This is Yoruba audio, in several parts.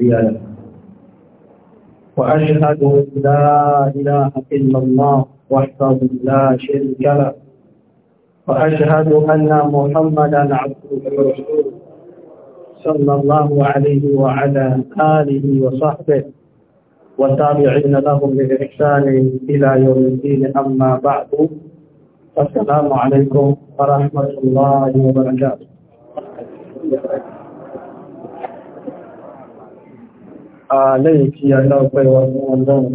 عياله وأشهد أن لا إله إلا الله وحده لا شريك له وأشهد أن محمدا عبده ورسوله صلى الله عليه وعلى آله وصحبه والتابعين لهم بإحسان إلى يوم الدين أما بعد السلام عليكم ورحمة الله وبركاته lẹ́yìn kí aláwọ̀pẹ́ wa fún ọlọ́run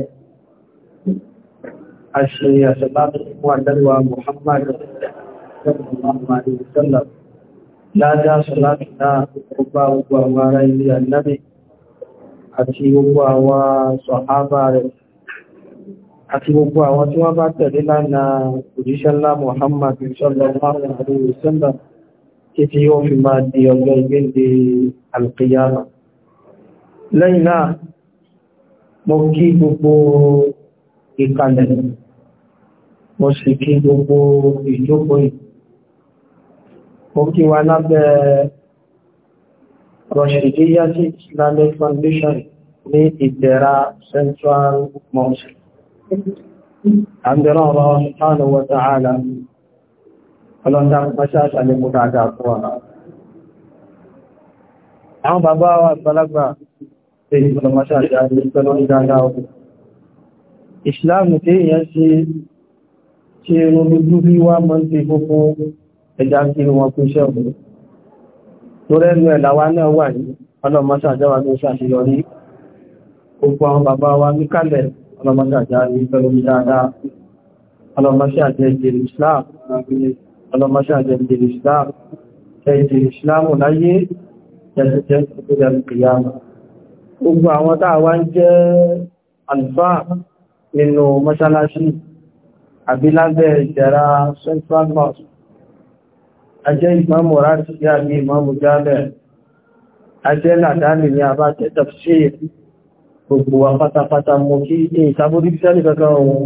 a ṣe àṣàbátò fún àdẹ́rẹ̀wà Muhammad lájá ṣàlátì náà gbogbo gbogbo àwọn ará ilé annabi àti gbogbo àwọn sọ̀hábà rẹ̀ àti gbogbo àwọn tí wọ́n bá tẹ̀lé lánàá òjíṣẹ́ ńlá sallallahu alaihi wasallam títí yóò fi máa di ọjọ́ ìgbéǹde alqiyama lẹ́yìn náà mo kí gbogbo ìkàlẹ̀ mo sì kí gbogbo ìjókòó yìí mo kí wa lábẹ́ Rashidiyati Islamic Foundation ní Ìdẹ̀ra Central Mosque. Àbẹ̀rán ọ̀rọ̀ Subhanahu wa ta'ala, ọlọ́dá pàṣáṣà ní mú dáadáa fún wa. Àwọn bàbá wa àgbàlagbà ìsìláàmù tí èèyàn ṣe ṣe ronú dúbí wá mọ́ sí gbogbo ẹja kí wọn kú iṣẹ́ òun tó rẹ́nu ẹ̀là wa náà wà ní ọlọ́mọṣà jáwà ní oṣù àṣeyọrí gbogbo àwọn bàbá wa ní kalẹ̀ ọlọ́mọṣà jáde pẹ̀lú dáadáa ọlọ́mọṣà jẹ́ ìjẹ̀lì islam ọlọ́mọṣà jẹ́ ìjẹ̀lì islam gbogbo àwọn tàà wá ń jẹ́ àlùfáà nínú mọ́ṣálásí àbí lábẹ́ ìjẹ̀rà central mosque ajẹ́ ìmáàmù ráṣìí àbí ìmáàmù jálẹ̀ ajẹ́ làdáni ni àbá tẹ́tọ̀ sí gbogbo wa pátápátá mú kí ní ìsàbórí sẹ́lì kankan ohun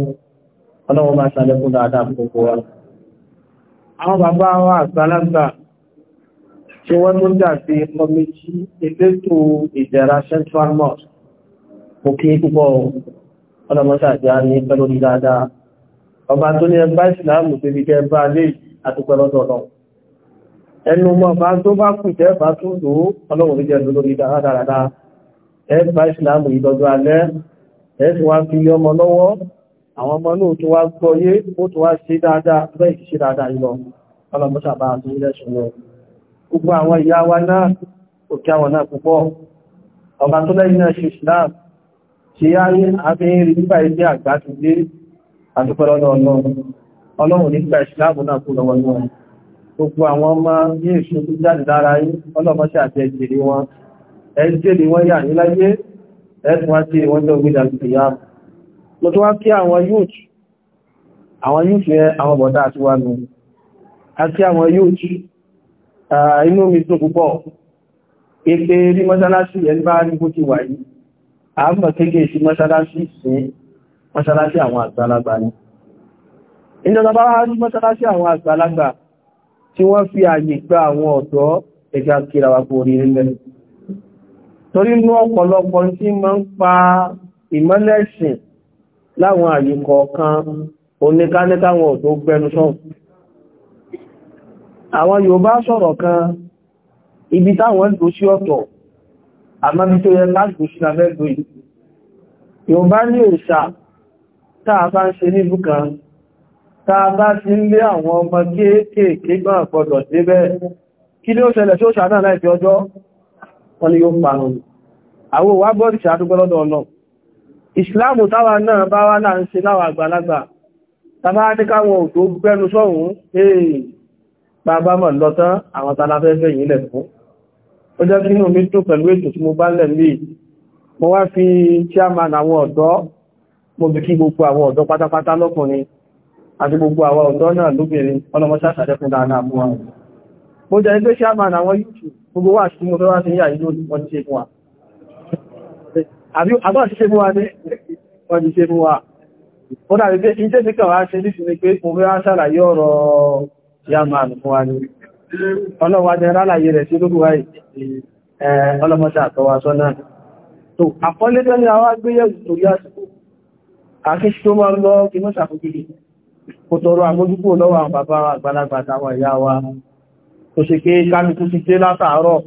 ọlọ́wọ́ máa ṣàlẹ́kùn dáadáa gbogbo wa àwọn bàbá wa tí wọ́n tún dàbí kọmítí elétò ìjẹ̀rà central mosque mo kí púpọ̀ ọlọ́mọ́sàjá ní pẹ̀lú dáadáa ọba tó ní ẹgbá ìsìláàmù tó fi jẹ́ bá lè àtúpẹ́lọ́dọ̀ náà ẹnu mọ́ bá tó bá kù jẹ́ bá tó lò ó ọlọ́run jẹ́ lórí dáadáa ẹgbá ìsìláàmù ìdọ́jọ́ alẹ́ ẹ̀sùn wá fi ọmọ lọ́wọ́ àwọn ọmọ náà tó wá gbọ́yé ó tó wá ṣe dáadáa bẹ́ẹ̀ ṣe dáadáa ìlọ ọlọ́mọ́sàbá àti ilẹ̀ṣùn náà gbogbo àwọn ìyá wa náà òkè àwọn náà púpọ̀ ọba tó lẹ́yìn náà ṣe islam ṣe yá ní àfihìnrí nígbà ilé àgbà ti dé àtúpẹ́lọ́ ọlọ́run nígbà ìsìláàmù náà kú lọ́wọ́ wọn gbogbo àwọn ọmọ ní èṣù tó jáde lára yí ọlọ́mọṣẹ́ àti ẹjèrè wọn ẹjèrè wọn yà ní láyé ẹ̀sùn wá sí wọ́n tó gbídà ìyá mo tó wá kí àwọn youth àwọn youth yẹn àwọn bọ̀dá àti wà nù àti àwọn youth Ah, inú mi dùn púpọ̀ èpè rí mọ́sálásí ẹni bá rí bó ti wà yìí a mọ̀ kéèkéè sí mọ́sálásí sí mọ́sálásí àwọn àgbàlagbà ni ìjọba bá rí mọ́sálásí àwọn àgbàlagbà tí wọ́n fi àyè gba àwọn ọ̀dọ́ ẹja kíra wa kò rí rẹ̀ torí inú ọ̀pọ̀lọpọ̀ tí ma ń pa ìmọ́lẹ̀ṣìn láwọn àyè kọ̀ọ̀kan oníkáníkáwọn ọ̀dọ́ gbẹnusọ́n àwọn Yorùbá sọ̀rọ̀ kan ibi táwọn lò sí ọ̀tọ̀ àmọ́bí tó yẹ láti sí abẹ́gbò yìí Yorùbá ní òṣà táà bá ń ṣe níbù kan táà bá ti ń lé àwọn ọmọ kéékèèké gbọ́n àpọ̀dọ̀ débẹ̀ kí ni ó ṣẹlẹ̀ tí ó náà láìpẹ́ ọjọ́ wọn ni yóò parun àwọn òwà gbọ́dì ṣàdúgbọ́lọ́dọ̀ ọlọ́ ìsìláàmù táwa náà bá wá láà ń ṣe láwọn àgbàlagbà tàbá ní káwọn òtò gbẹnu sọ́hun bàbá mọ̀ lọ́tán àwọn tàlàfẹ́fẹ́ yìí lẹ̀ fún ó jẹ́ kí inú mi tó pẹ̀lú ètò tí mo bá lẹ̀ mí mo wá fi chairman àwọn ọ̀dọ́ mo bí kí gbogbo àwọn ọ̀dọ́ pátápátá lọ́kùnrin àti gbogbo àwọn ọ̀dọ́ náà lóbìnrin ọlọ́mọṣà sàdẹ́kùn dáadáa fún wa mo jẹ́ pé chairman àwọn YouTube gbogbo wà sí mo fẹ́ wá sí yà yìí lórí wọ́n ti ṣe fún wa àbí àbá ti ṣe fún wa ní wọ́n ti ṣe fún wa ó dàbí pé iṣẹ́ ti kàn wá ṣe nífi ni pé mo fẹ́ wá ṣàlàyé ọ̀rọ̀ yá máa nùfún wa ní ọlọ́wàjẹ́ rálàyé rẹ̀ sí lókùwá ọlọ́mọta àtọwà sọ́nà tó àkọlé tó ní àwọn agbéyẹ̀wò tó yá sí àkíṣì tó máa lọ kí mọ́ sàfòkìlì kò tọrọ àmójúkò lọ́wọ́ àwọn bàbá àgbàlagbà táwọn ìyá wa tó ṣe pé kálukú ti dé látàárọ̀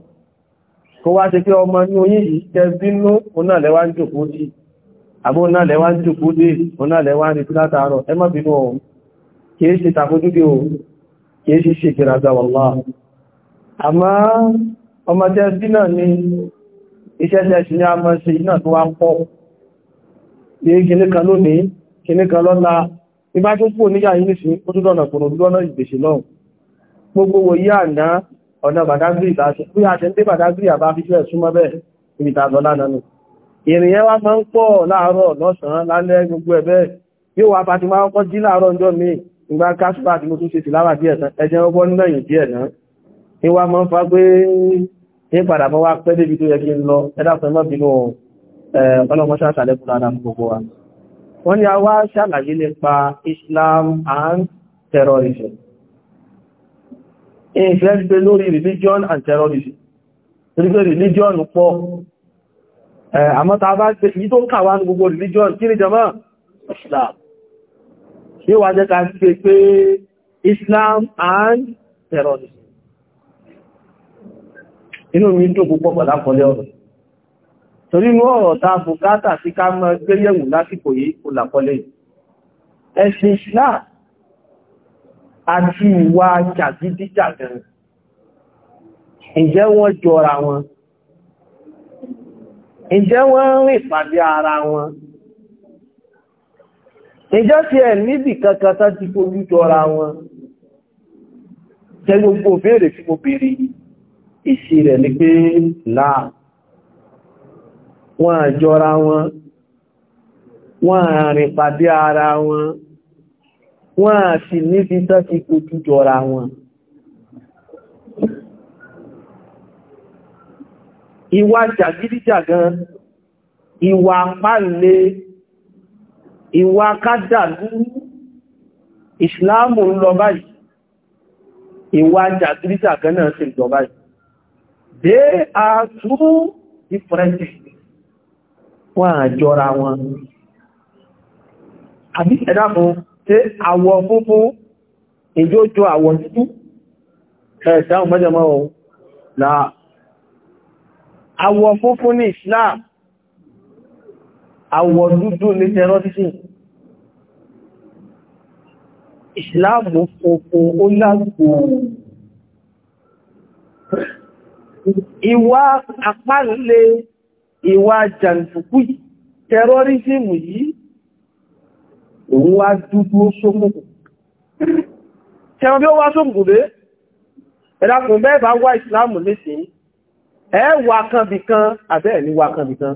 kó wá ṣe pé ọmọ ní oyin yìí jẹ bínú ọ̀nà ń jòkó dé àbó ń jòkó dé ọ̀nà kìí ṣe ṣe ìgbìràgà wàlá àmá ọmọ tẹ́ sí náà ní iṣẹ́ṣẹ́ sí ní a mọ́ sí iná tó wá pọ̀ ní kìní kan lónìí kìní kan lọ́la ibá tó pò níyà yìí sí ó tó dọ̀nà kòrò lọ́nà ìgbèsè náà gbogbo wo yí àná ọ̀nà bàdágírì tàṣí bí a ṣe ń dé bàdágírì àbá fi fẹ́ súnmọ́ bẹ́ẹ̀ ibi tàbí ọlá nánú ìrìn yẹn wá máa ń ìgbà káṣùpá àti mo tún ṣe díẹ̀ tán ẹjẹ́ ọgbọ́n nílẹ̀ yìí díẹ̀ náà ní wá mọ́ fá pé ní padà mọ́ wá pẹ́ débi tó yẹ kí n lọ ẹ̀dàpẹ́ Islam and terrorism ìfẹ́ gbé lórí religion and terrorism religion pọ̀ àmọ́ ta bá ṣe èyí religion kí ni jama Islam ní wà jẹ́ ká ṣe pé Islam and terrorism inú mi tó púpọ̀ pàdá kọlẹ̀ ọ̀rọ̀ torí inú ọ̀rọ̀ ta bùkátà sí ká mọ́ gbéyẹ̀wò lásìkò yìí kò làkọlẹ̀ ẹ̀sìn Islam àti ìwà jàgídíjàgan ǹjẹ́ wọ́n jọra wọn ǹjẹ́ wọ́n rìn pàdé ara wọn ìjọ́ sí ẹ̀ níbì kankan tá ti fojú tọra wọn tẹ́lú gbogbo béèrè tí mo béèrè ìsì rẹ̀ ni pé láà wọ́n àjọra wọn wọ́n àrìn pàdé ara wọn wọ́n à sì níbi tán ti fojú tọra wọn ìwà jàgídíjàgan ìwà pàlẹ́ ìwà kádà lúrú ìsìláàmù ń lọ báyìí ìwà jàgíríjà kan náà sì lọ báyìí they are two different wọ́n àjọra wọn àbí ẹ̀dá fún tí àwọ̀ funfun ìjójó àwọ̀ títú ẹ̀ẹ̀sẹ̀ àwọn mẹ́jọ mọ́ láà àwọ̀ funfun ní islam àwọ̀ dúdú ní tẹrọrìsì ìsìláàmù funfun ó lágbò ìwà àpáàlè ìwà jàǹdùkú tẹrọrìsì mù yìí òun wá dúdú ó sókùnkùn tẹwọn bí ó wá sókùnkùn dé ẹ̀dàkùn bá wá ìsìláàmù nísìn ẹ wà kan bìkan àbẹ́ẹ̀ ní wà kan bìkan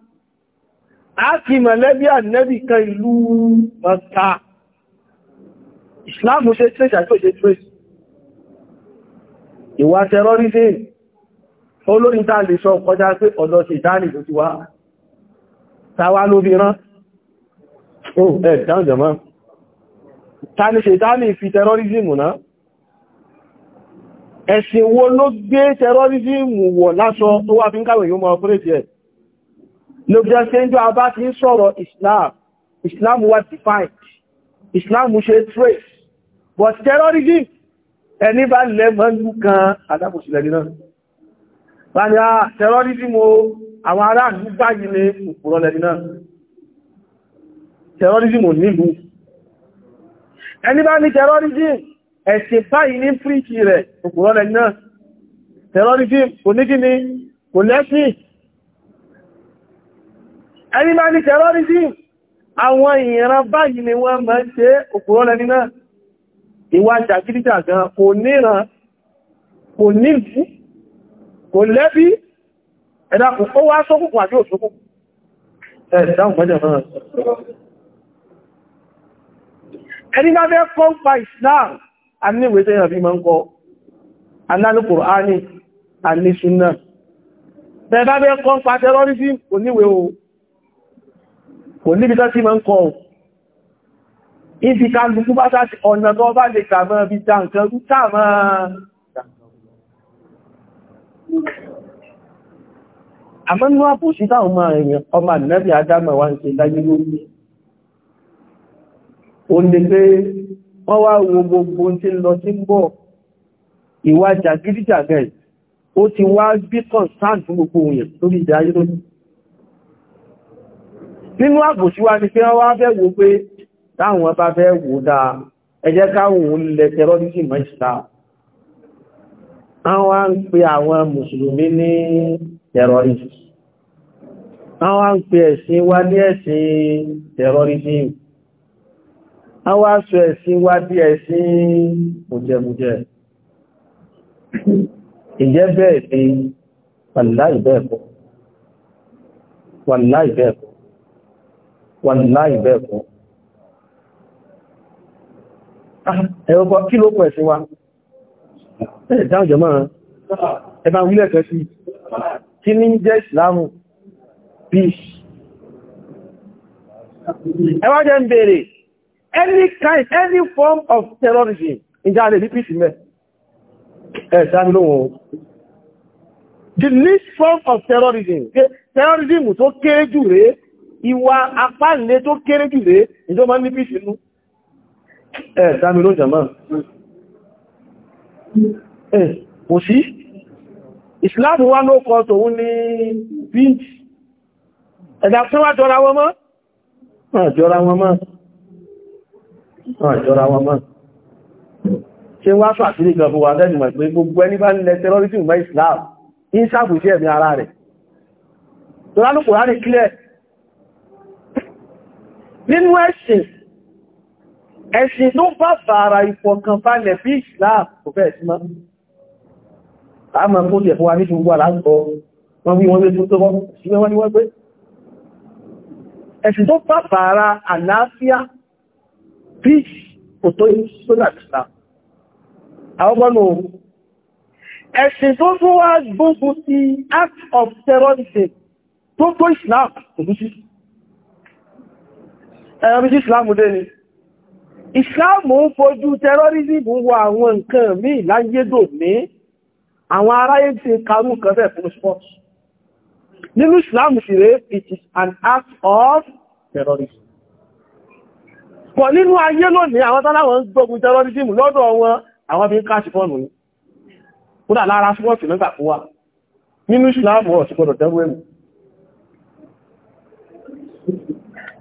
àti mọ̀lẹ́bí ànẹ́bì kan ìlú mọ̀ta ìsìláàmù ṣe trace àti òṣè trace ìwà terrorism olórin tàà lè sọ kọjá pé ọ̀dọ̀ sí ìdáni tó ti wá tàwà lóbi rán ó ẹ̀ dáhùn jẹ̀mọ́ ta ni ṣètáni fi terrorism náà ẹ̀sìn wo ló gbé terrorism wọ̀ lásọ tó wá fi ń káwẹ̀ yóò mọ̀ ọ̀pẹ́rẹ̀ ló jẹ́ ṣe ń jọ abá ti ń sọ̀rọ̀ Islam Islam wa defined Islam ṣe trace but terrorism ẹni bá lẹ́ mọ́ ní kan adápòsílẹ̀ nínú bá ní a ah, terrorism o àwọn ará ìlú báyìí ní òpùrọ̀lẹ̀ nínú terrorism ò nílùú ẹni bá ní terrorism ẹ̀sìn báyìí ní fríkì rẹ̀ òpùrọ̀lẹ̀ nínú terrorism kò ní kí ni kò lẹ́sìn ẹni máa ní terrorism àwọn ìran báyìí ni wọ́n máa ń ṣe òpùrọ́ lẹ́ni náà ìwà jàgídíjà gan kò níran kò nílùú kò lẹ́bí ẹ̀dàkùn ó wá sókùnkùn àti òsókùn ẹ̀dàkùn mọ́jẹ̀ náà ẹni máa fẹ́ kọ́ pa Islam a ní ìwé tẹ́yàn fi máa kò níbi tó sí mọ́ ń kọ ibi ká lùkú bá sáti ọ̀nà tó bá lè kàmọ́ bí ta nǹkan rú tààmà àmọ́ ní wá pòsí táwọn ọmọ èèyàn ọmọ àdínẹ́bì adámọ̀ wá ń ṣe láyé lórí o ní pé wọ́n wá wo gbogbo tí lọ sí ń bọ̀ ìwà jàgídíjàgẹ̀ ó ti wá bí kọ̀nstáǹtì gbogbo èèyàn lórí ìdáyé lónìí nínú àbòsíwá ni pé wá fẹ́ wo pé táwọn bá fẹ́ wò dáa ẹ káwọn lẹ tẹrọrìsì mọ́ àwọn ń pe àwọn mùsùlùmí ní tẹrọrìsì àwọn ń pe ẹ̀sìn wa ní ẹ̀sìn tẹrọrìsì àwọn aṣọ ẹ̀sìn wa bí ẹ̀sìn mùjẹmùjẹ ìjẹ́ bẹ́ẹ̀ ni wàlá ìbẹ́ẹ̀kọ́ wà láì bẹ́ẹ̀ kọ́ ah, ẹ̀rọ̀kọ́ kí ló pẹ̀ sí wa ẹ̀ dáhùn jẹ́ máa ẹbá wílẹ̀ kẹ́ sí kí ní jẹ́ ìsìlámù peace ẹwà jẹ́ ń bèèrè any kind any form of terrorism In lè ní peace mẹ́ ẹ̀ dáhùn lóhun the least form of terrorism terrorism tó kéjù rèé ìwà apáǹlé tó kéré jù rẹ̀ ìjọ máa ń ní pìsì nú ẹ̀ dámi ló jàmá ẹ̀ kò sí ìsìláàmù wá ló kọ tòun ní bíntì ẹ̀dà tí wá jọra wọn mọ́ àjọra wọn mọ́ àjọra wọn mọ́ ṣe wá fàtílì kan fún wa lẹ́nu mọ̀ pé gbogbo ẹni bá nílẹ̀ tẹ́rọrítì mọ́ ìsìláàmù ní sàbùsí ẹ̀mí ara rẹ̀ tó lálùkù rárẹ̀ clear nínú ẹ̀sìn ẹ̀sìn tó bá fàára ìfọ̀kànbalẹ̀ bí Islam kò fẹ́ sí máa a máa kó lè fún wa ní ṣe gbogbo aláàkọ́ wọ́n bí wọ́n lé tó tọ́wọ́ sí wọ́n ni wọ́n pé ẹ̀sìn tó bá fàára àlàáfíà bí kò tó sólà Islam àwọn gbọ́nà ẹ̀sìn tó tún wá gbógun ti act of terrorism tó tó Islam kò tó sí ẹ̀rọ sí ìsìláàmù dé ni ìsìláàmù ń fojú tẹ́rọrìsìmù wọ àwọn nǹkan míì láyédò ní àwọn aráyé ti karú nǹkan fẹ́ fún sport nínú ìsìláàmù sì rẹ̀ it is an act of terrorism pọ̀ nínú ayé lónìí àwọn tánàwọn ń gbógun tẹ́rọrìsìmù lọ́dọ̀ wọn àwọn bí ń káṣì fọ́nù ní kódà lára sport nígbà fún wa nínú ìsìláàmù ọ̀sìgbọ́dọ̀ tẹ́rọ ẹ̀mù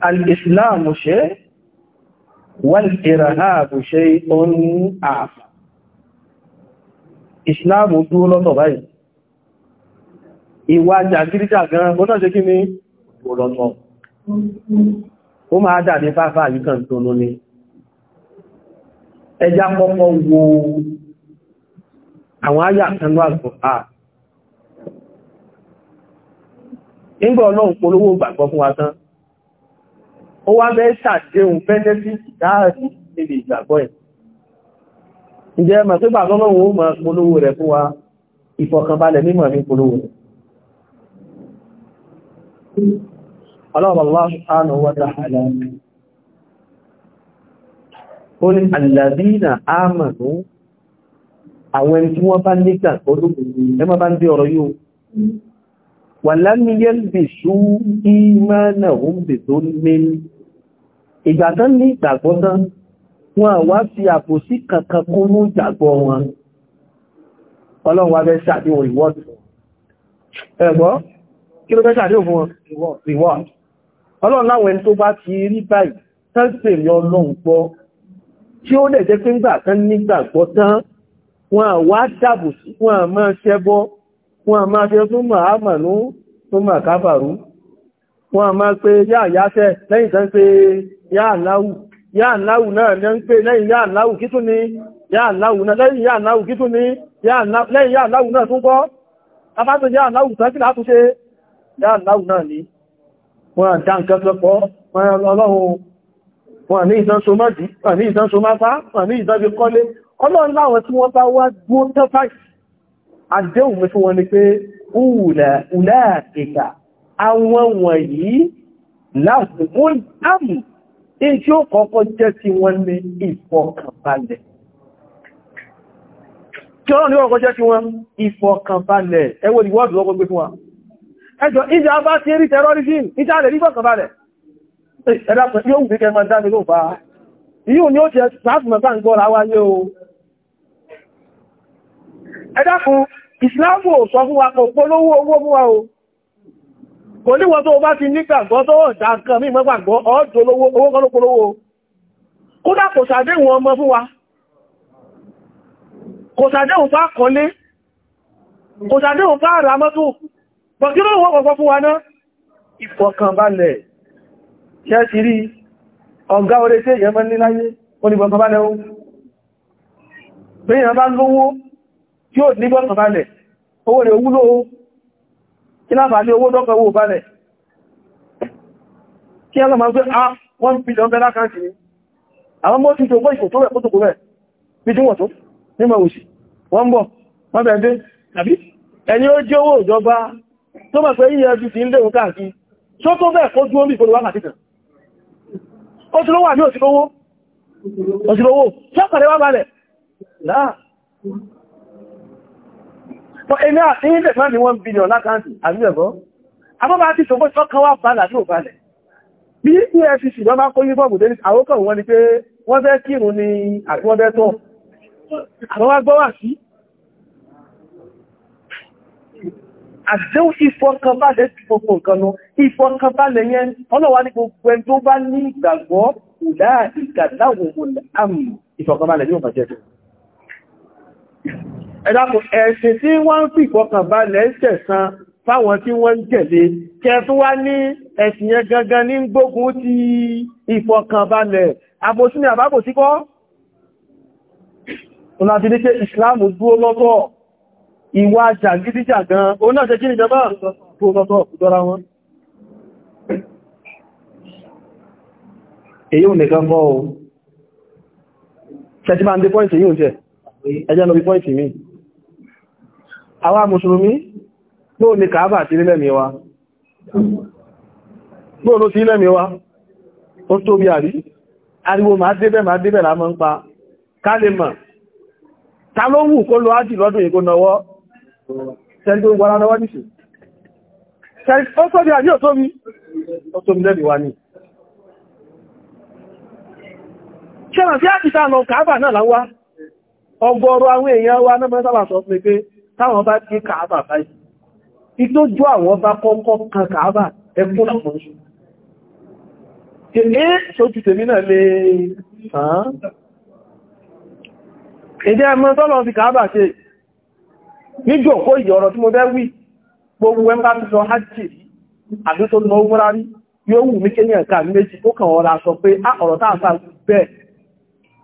الإسلام islamu shay wal-irhabu shay'un akhar ìsìláàmù dúró lọ́tọ̀ báyìí ìwà jàgídíjà gan ó náà ṣe kí ní ọ̀lọ́tọ̀ ó máa dà ní fáfá àyíkàn tó ló ní ẹjá pọ́pọ́ wo àwọn ayà kanú àgbọ̀fà nígbà ọlọ́run polówó gbàgbọ́ fún wa tán ó wá bẹ́ ṣàdéhùn bẹ́nẹ́fìtì dáàrí níbi ìgbàgbọ́ ẹ̀ ǹjẹ́ mọ̀ pé bàbá lọ́wọ́ ó mọ̀ polówó rẹ̀ fún wa ìfọ̀kànbalẹ̀ mímọ̀ ní polówó rẹ̀ Allah subhanahu wa ta'ala ó ní alladhina amanu àwọn ẹni tí wọ́n bá nígbà olóògbé ẹ má bá ń dé ọ̀rọ̀ ولم يلبسوا إيمانهم بظلم ìgbà tán ní ìgbàgbọ́ tán wọn wá fi àpòsí kankan kún ní ìgbàgbọ́ wọn ọlọ́run wá bẹ́ ṣàdíwọ̀n reward ẹ̀gbọ́ kí ló bẹ́ ṣàdíwọ̀n fún wọn reward ọlọ́run láwọn ẹni tó bá ti rí báyìí tán pè ní ọlọ́run gbọ́ tí ó dẹ̀ jẹ́ pé ńgbà tán nígbàgbọ́ tán wọn wá dàbòsí wọn a máa ṣe tún mọ̀ àmànú tó mọ̀ káfàrú wọn a máa pe yá àyáṣẹ́ lẹ́yìn tán pé yá àláwù yá àláwù náà ní ń pè lẹ́yìn yá àláwù kí tún ní yá àláwù náà lẹ́yìn yá àláwù kí tún ní lẹ́yìn yá àláwù náà tún kọ́ abájọ yá àláwù tán kí látún ṣe yá àláwù náà ní wọn a dá nǹkan lọ́pọ̀ ọlọ́run wọn ní ìdán so má ní ìdán so má fá àdéhùn mi fún wọn ni pé ùlẹ́ẹ̀kà àwọn wọ̀nyí láàrùn àmì èyí tí ó kọ́kọ́ jẹ́ ti wọn ní ìfọkànbalẹ̀ kí ọ̀rọ̀ ni wọ́n kọjẹ́ tí wọ́n ìfọkànbalẹ̀ ẹwọ́ ni wọ́ọ̀dù lọ́gbọ́gbé fún wa ẹjọ́ ìjà bá ti rí terrorism ìjà rẹ̀ nífọkànbalẹ̀ ẹ̀dàpẹ̀ yóò gbé kẹma dámi ló bá yíò ni ó ti ẹ̀sùn láti ìsìláàmù ò sọ fún wa kò polówó owó mú wa o kò níwọ tó bá ti ní gbàgbọ́ tó ọ̀dá nǹkan mí mọ́ gbàgbọ́ ọjọ́ owó kan ló polówó kódà kò sàdéhùn ọmọ fún wa kò sàdéhùn fá kọlé kò sàdéhùn fá ara mọ́tò pọ̀kírò wọ́n kọ̀kọ́ fún wa náà ìfọ̀kànbalẹ̀ ṣẹ́ ọ̀gá orí tí èyàn mọ́ tí ó ní gbọ́nà balẹ̀ owó rẹ̀ wúlò ó kí láàbà ní owó dọ́kọ̀ owó balẹ̀ kí a lọ́mà a 1 billion dollar account ni àwọn mọ́ sí tó gbọ́ ìfòtó rẹ̀ pótòkò rẹ̀ bí tí wọ́n tó nímọ̀ òsì wọ́n bọ̀ wọ́n owó ìjọba tó mọ̀ pé yíyẹ ju ti káàkiri tó tó bẹ́ẹ̀ kó dúró ẹni àtíyíndẹ̀ náà ni wọ́n bílíọ̀n lákáǹtì àbíẹ̀kọ́ abọ́bá ti ṣògbó ṣọ́kan wá bá làtí òbálẹ̀ bí efcc lọ bá kó yíbọ̀bù dé àwókọ̀ wọn ni pé wọ́n fẹ́ kírun ni àti wọ́n fẹ́ tọ́ àwọn wá gbọ́wà sí àdéhùn ìfọkànbalẹ̀ ti gbogbo nǹkan lọ ìfọkànbalẹ̀ yẹn ọlọ́wà ní gbogbo ẹni tó bá ní ìgbàgbọ́ ìlà ìgbàdáwò ìfọkànbalẹ̀ ní ò ẹ̀dàkùn ẹ̀sìn tí wọ́n ń fi ìfọkànbalẹ̀ ṣẹ̀san fáwọn tí wọ́n ń tẹ̀lé kẹ tó wá ní ẹ̀sìn yẹn gangan ní gbógun ti ìfọkànbalẹ̀ àbòsí ni àbábòsí kọ́ ọ̀nà fi ní pé ìsìláàmù dúó lọ́tọ̀ ìwà jàgídíjàgan òun náà jẹ́ kí ni jọba dúó lọ́tọ̀ ìdọ́ra wọn èyí ò nìkan fọ́ o ṣẹ́tí máa ń dé pọ́ìntì yíò jẹ́ ẹjẹ́ lọ bí pọ́ìntì míì àwa mùsùlùmí lóò ní kàábà sí nílẹ̀mí wa lóò ló sí nílẹ̀mí wa ó tó bí àrí ariwo máa débẹ̀ máa débẹ̀ lámọ́ ń pa kálẹ̀mọ̀ ta ló wù kó lọ ájì lọ́dún ìkó nọwọ́ tẹ́lú wọ́n lọ́wọ́ nìsù ó tó bí àrí ó tó mi ó tó àwọn èèyàn wa náà mẹ́sàbà sọ pé táwọn bá dé kàábà báyìí ìtójú àwọn bá kọ́kọ́ kan kàábà ẹkún lápọ̀ ṣù èé ṣojú tèmi náà lè sàn èdè ẹmọ tọ́lọ̀ fi kàábà ṣe níjò kó ìyọ̀rọ̀ tí mo bẹ́ wí gbogbo ẹmbá ti sọ hajji àdútó lọ wúrárí yóò wù mí kéyàn ká méjì ó kàn ọ̀rọ̀ sọ pé á ah, ọ̀rọ̀ táà sáà bẹ́ẹ̀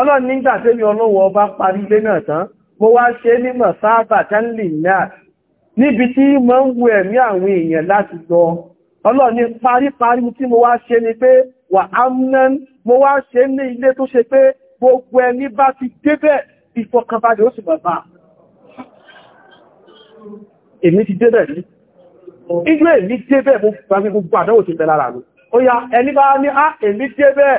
ọlọ́run nígbà tí mi ọlọ́wọ́ ọba parí ilé náà tán mo wá ṣe nímọ̀ sáábà tánlì náà níbi tí mo ń wo ẹ̀mí àwọn èèyàn láti lọ ọlọ́run ní paríparí tí mo wá ṣe ni pé wà ámúnán mo wá ṣe ní ilé tó ṣe pé gbogbo ẹni bá ti débẹ̀ ìfọkànbalẹ̀ ó sì bàbá èmi ti débẹ̀ rí ìgbé èmi débẹ̀ mo gbàgbé gbogbo àdánwò ti bẹ̀ lára mi ó yá ẹni bá ní á ah, èmi débẹ̀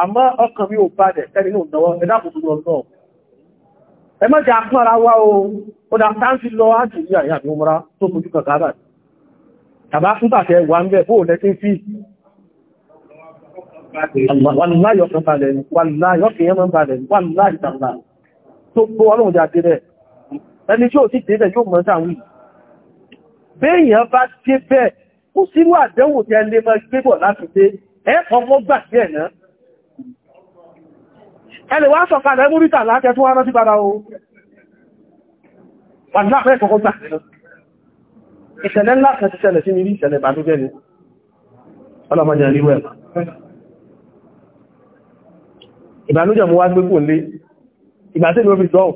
àmọ́ ọkàn mi ò balẹ̀ tẹ́lì ní òdọ̀wọ́ ẹ̀dàkùnkùn ọ̀nà ẹ má jà fún ara wá o ó dá táńtì lọ ájì ní àyà ní ọmọra tó fojú kàkàrà tàbá fún tàfẹ́ wà ń bẹ̀ bóò lẹ́kín sí wàláyọ̀kan balẹ̀ wàláyọ̀kan yẹn mọ́ balẹ̀ wàláyọ̀kan tó gbọ́ ọlọ́run jáde rẹ̀ ẹni tí ó sì dé bẹ̀ yóò mọ́ sáwí béèyàn bá dé bẹ́ẹ̀ kò sírú àdẹ́wò tí ẹ lè mọ́ gbébọ̀ láti dé sí ẹ̀nà ẹlẹ̀ wá sọ̀kalẹ̀ múrítà lákẹ́ fún wọn sí padà o ìṣẹ̀lẹ̀ ńlá kan ti ṣẹlẹ̀ sí ní rí ìṣẹ̀lẹ̀ ìbànújẹ́ ni ọlọ́mọdé rí wẹ̀ ìbànújẹ́ mú wá gbé kò lé ìgbà tí ló fi tọ́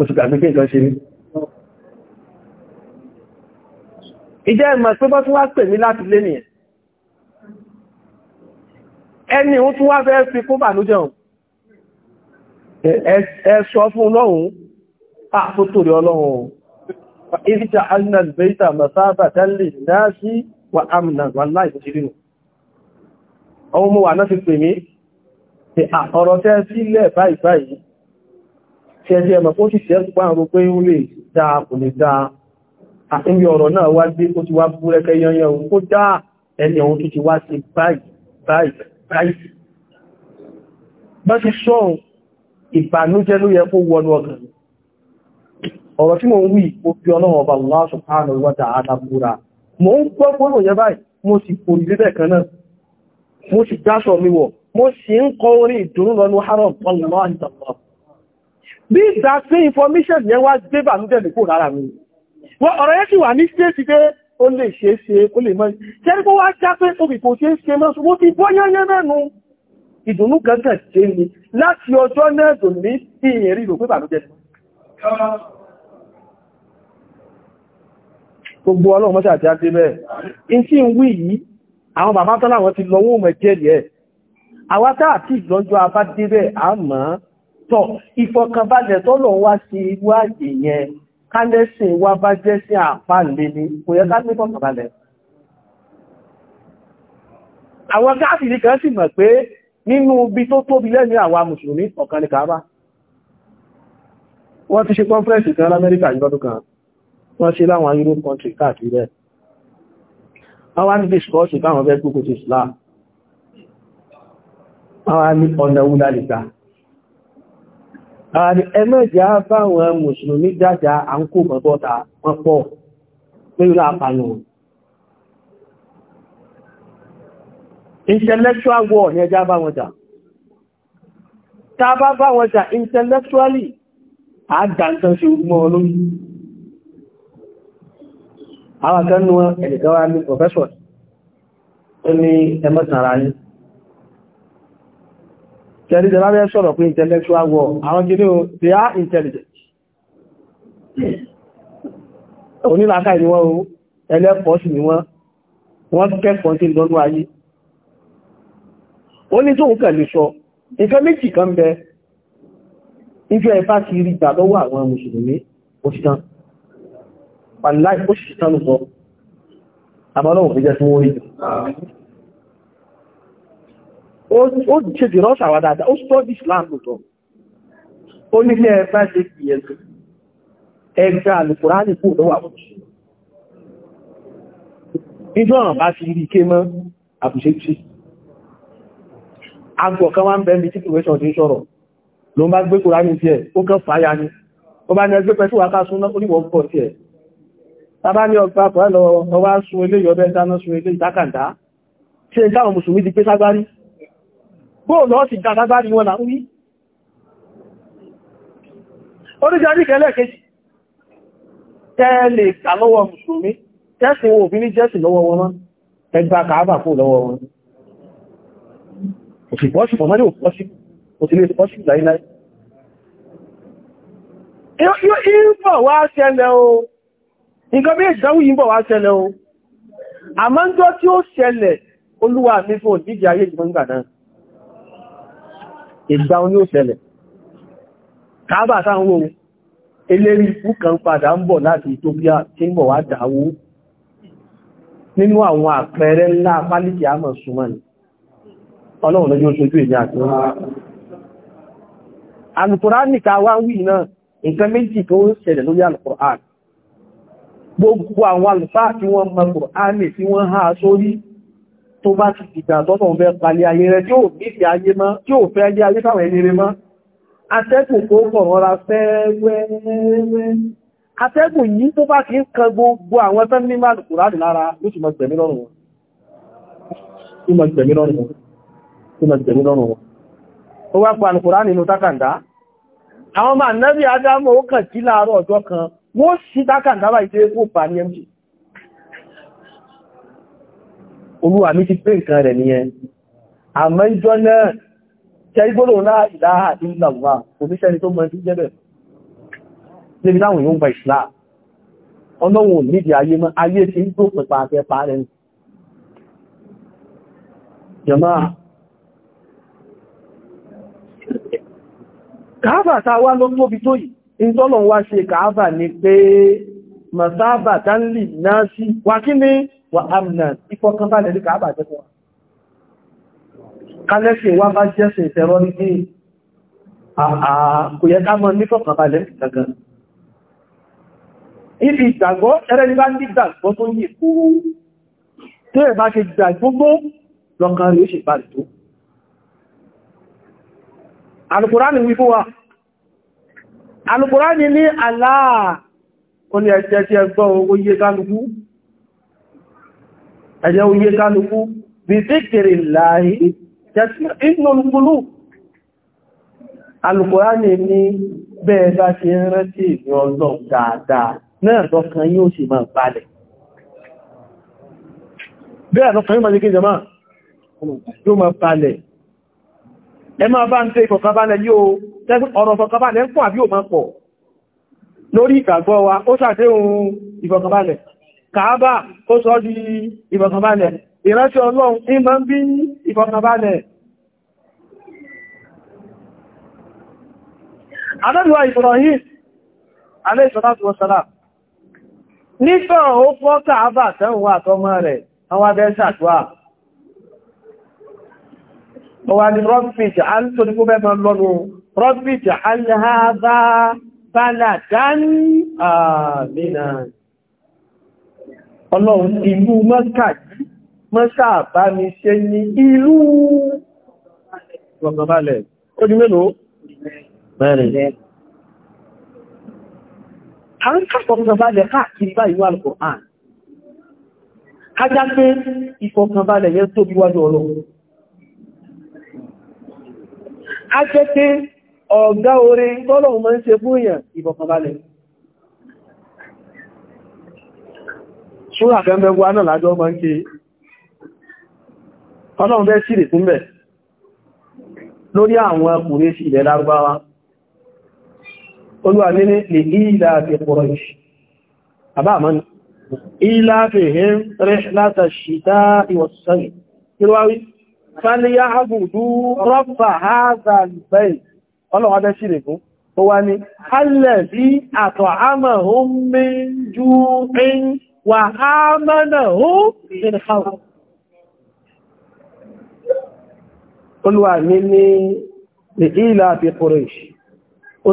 oṣù kàgbé kí nǹkan ṣe ní ìjẹ́ ìmọ̀ pé bọ́ tún wá pè mí láti lé nìyẹn ẹni ó tún wá fẹ́ fi fún ìbànújẹ́ ọ̀hún ẹ sọ fún lọ́hun àtótórí ọlọ́run ìrìta alnal beta masaba tẹ́lẹ̀ náà sí wà amìnà wà láìsí ṣírínù ọmọ mọ́ wà náà fi pè mí pé ọ̀rọ̀ tẹ́ sílẹ̀ báyìí báyìí ṣẹ́jẹ́ ẹmọ̀ fún ṣìṣẹ́ gbáàrùn pé ó lè dáa kò lè dáa àtúnbí ọ̀rọ̀ náà wá gbé ti wá ìbànújẹ́ ló yẹ kó wọnú ọkàn ọ̀rọ̀ tí mo ń wí ó fi ọlọ́run ọba Allah subhanahu wa ta'ala búra mo ń gbọ́ gbọ́rọ̀ yẹ báyìí mo sì kò rí bẹ́ẹ̀ kan náà mo sì dáṣọ mi wọ̀ mo sì ń kọ orin ìdùnnú lọ́nu haram ọlọ́run àìsànlọ́ bí ìgbà sí information yẹn wá gbé bànújẹ́ lè kó lára mi wọ́n ọ̀rọ̀ yẹn sì wà ní stéèsì pé ó lè ṣeé ṣe ó lè mọ́ ṣẹ́rí kó wá já pé obìnrin kò ṣeé ṣe mọ́ ìdùnnú kankan tí ni láti ọjọ́ náà tó ní tí ìyẹn rí lò pé bàánú jẹ́ gbogbo ọlọ́run mọ́sí àti àti bẹ́ẹ̀. in tí ń wí yìí àwọn bàbá tán láwọn ti lọ́wọ́ mọ̀ jẹ́rì ẹ̀ àwátá àti ìlọ́jọ́ abá débẹ̀ àmọ́ tọ̀ ìfọkànbalẹ̀ tọ́lọ̀ wá sí irú àyè yẹn kálẹ́sìn wá bá jẹ́ sí àpáàlẹ́ ni kò yẹ ká ní fọkànbalẹ̀ àwọn káàkiri kan sì mọ̀ pé nínú ibi tó tóbi lẹ́ni àwa mùsùlùmí ọ̀kan ní kàábà wọ́n ti ṣe kọ́nfẹ́rẹ́sì kan lamẹ́ríkà ìgbọ́dún kan wọ́n ṣe láwọn europe country káàkiri rẹ̀ wọ́n wá ní discourse káwọn fẹ́ gbogbo ti islam wọ́n wá ní ọ̀nà wúlá lìta ààrẹ ẹmẹ́jà fáwọn mùsùlùmí jájá à ń intellectual war ni ẹjá bá wọn jà ta bá bá wọn jà intellectually àgbàntàn sí ogun olóyìn àwọn akẹ́nu ẹ̀lẹ̀kẹ́ wá ní professor tó ní ẹmọ́sànra ní tẹ́lẹ̀ jẹ́ lábẹ́ sọ̀rọ̀ pé intellectual war àwọn gíní o they are intelligent onílàkà ìníwọ́n ẹlẹ́pọ̀ sí ni wọ́n wọ́n kẹ́kọ̀ọ́ tí lọ́nú ayé ó ní tóun kàn lè sọ nǹkan méjì kan bẹ ìjọ ẹ̀fà ti rí gbà lọ́wọ́ àwọn mùsùlùmí òṣìṣàn pàláì òṣìṣàn lọ sọ àbálọ́wọ̀ fẹ́jẹ́ tí wọ́n rí ó ṣe dìrọ́ sàwà dáadáa ó sọ́ Islam lọ́tọ̀ ó ní ilé ẹ̀fà ṣe gbìyànjú ẹgbẹ́ alùkùránì kú lọ́wọ́ àwọn mùsùlùmí àgbọ̀ kan wá ń bẹ́ẹ̀ tí kìwéṣàn tí ń sọ̀rọ̀ ló ń bá gbé kòrá ní tí ẹ̀ ó kàn fàáyà ni ó bá ní ẹgbẹ́ pẹ̀sù wà ká súnná ó níwọ̀ pọ̀ tí ẹ̀ tàbá ní ọgbà pọ̀ lọ ọwá sun ilé yọbẹ́ dáná sun ilé ìdákàndá ṣe ń táwọn mùsùlùmí di ẹgbà kàábà kò lọ́wọ́ wọn kò sì pọ́sí fọ́mọ́ ní òpọ́sí kò sì lè pọ́sí láìláì ìbọ̀ wá ṣẹlẹ̀ o nǹkan bí ìdánwò ìbọ̀ wá ṣẹlẹ̀ o àmọ́ ń jọ tí ó ṣẹlẹ̀ olúwa mi fún òdíje ayé ìgbọ́n gbà náà ìgbà oní ó ṣẹlẹ̀ káàbà sáwọn eléri ikú kan padà ń bọ̀ láti Ethiopia tí ń bọ̀ wá dáwó nínú àwọn àpẹẹrẹ ńlá pálíkì àmọ̀ súnmọ́ ọlọ́run lójú oṣojú èdè àti wọn alùkùránì ká wá wí náà nǹkan méjì tó ń ṣẹlẹ̀ lórí alùkùránì gbogbo àwọn alùfáà tí wọ́n mọ kùránì tí wọ́n há sórí tó bá ti dìgbà tọ́tọ̀ fẹ́ palẹ̀ ayé rẹ tí ó nífẹ̀ẹ́ ayé mọ́ tí ó fẹ́ ayé ayé fáwọn ẹni rẹ mọ́ atẹ́kùn kó kọ̀rọ̀ ra fẹ́ẹ́wẹ́ẹ́wẹ́ atẹ́kùn yìí tó bá ti ń kan gbogbo àwọn tán ní máàlùkùránì lára ló ti mọ̀ gbẹ̀mí lọ́rùn wọn tó lọ jẹ̀mí lọ́rùn wọn ó wá pa Al-Kùránì nínú ní mg tó mọ́ sí jẹ́bẹ̀ níbi láwọn èèyàn gba ìṣlá ọlọ́wọ̀n nídi ayé mọ́ ayé ti ń tó pẹ̀pà àfẹ́ pàárẹ̀ jẹ́máà kàábà tá wá ló tóbi tó yìí ìtọ́lọ̀ wá ṣe kàábà ni pé masáàbà tá ń lì náà sí wà kí ní wà ámìnà ìfọkànbalẹ̀ ní kàábà jẹ́kọ́ kálẹ́sìn wá bá jẹ́sìn ìfẹ̀rọ ní pé kò yẹ ká mọ́ nífọkànbalẹ̀ gangan ibi ìgbàgbọ́ ẹrẹ́ ní bá ní alùkùránì wí fún wa alùkùránì ní aláà ó ní ẹ̀ṣẹ́ tí ẹgbọ́ oyé kálukú ẹ̀ṣẹ́ oyé kálukú bí fíkìrì láàrí inú olùkúlù alùkùránì ní bẹ́ẹ̀ bá ṣe rántí ìrìn ọlọ́ dáadáa náà lọ́kàn yóò sì máa balẹ̀ bẹ́ẹ̀ ẹ máa bá ń tẹ́ ìfọ̀kànbalẹ̀ yóò ọ̀rọ̀ ìfọ̀kànbalẹ̀ ń pọ̀ àbí ò máa pọ̀ lórí ìgbàgbọ́ wa ó sàtẹ́ ohun ìfọ̀kànbalẹ̀ kàábà ó sọ Ibrahim alayhi salatu wa salam nígbà ó fọ́ kàábà tẹ́wọ̀n àtọmọ wà ní rọ́fíìtì alìtòní kó bẹ́ máa lọ́nu rọ́fíìtì alìháàbá baladan àmìnà ọlọ́run ìlú mọ́kàjí mọ́sà bá mi ṣe ní ìlú gbọ̀gbọ̀bálẹ̀ ó di mélòó mẹ́rin a ń kàfọ́gbọ̀gbọ̀bálẹ̀ káàkiri báyìí wà lọ́kọ̀ọ́ á ọga pé ọ̀gá orin tọ́lọ̀un máa ń ya fún èèyàn ìfọ̀kànbalẹ̀ ṣúra kẹ́mẹ́gbà náà lájọ́ máa ń ké ọlọ́run bẹ́ sílè túnbẹ̀ lórí àwọn ọkùnrin sí ilẹ̀ lárúbáwá olúwa ní lè ìlà àti pọ̀rọ̀ ìṣì àbá ìwọ̀sánì kí fàlíyà àbùdú rọ́pà hádà bẹ́ẹ̀ ọlọ́wọ́ bẹ́ sí lèkún tó wá ní alẹ́ bí àtọ̀ àmà hún mi jú in wà ámànà hún in hàn olúwa mi ní ìlà àti kòrèṣì ó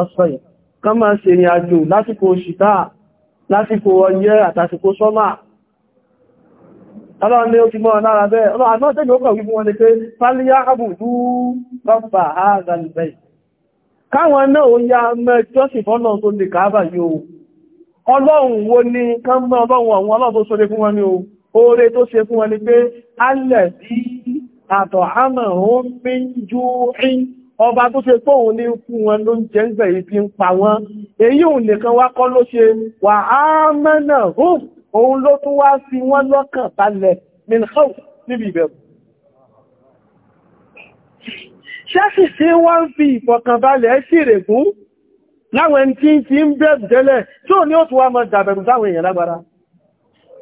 ọ̀sọ̀yìn kan máa ṣe ìrìn àjò lásìkò ṣìtá lásìkò ọyẹ́ àtàsìkò sọ́mà ọlọ́run ni ó ti mọ́ lára bẹ́ẹ̀ ọlọ́run àmọ́ tẹ́lẹ̀ ó kọ̀ wípé wọ́n ni pé fàlíyà àbùdú lọ́pàá àgbàlùbẹ̀ káwọn náà ó yá mẹ́jọ́sìn fọ́nà tó lè kàábà yóò ọlọ́run wo ni fún wọn ni o oore tó ṣe ni pé alẹ́ bí àtọ̀ àmà ó ń pín jú ọba tó ṣe pé òun ní fún wọn ló ń jẹ́ ìgbẹ̀ yìí fi ń pa wọn èyí òun nìkan wá kọ́ ló ṣe wà á mẹ́nà òun ló tún wá fi wọ́n lọ́kàn balẹ̀ minhau níbi ìbẹ̀rù ṣẹ́sì tí wọ́n ń fi ìfọ̀kànbalẹ̀ sí ìrègún láwọn ẹni tí ti ń bẹ̀rù tẹ́lẹ̀ tí ò ní ó tún wá mọ́ dàbẹ̀rù sáwọn èèyàn lágbára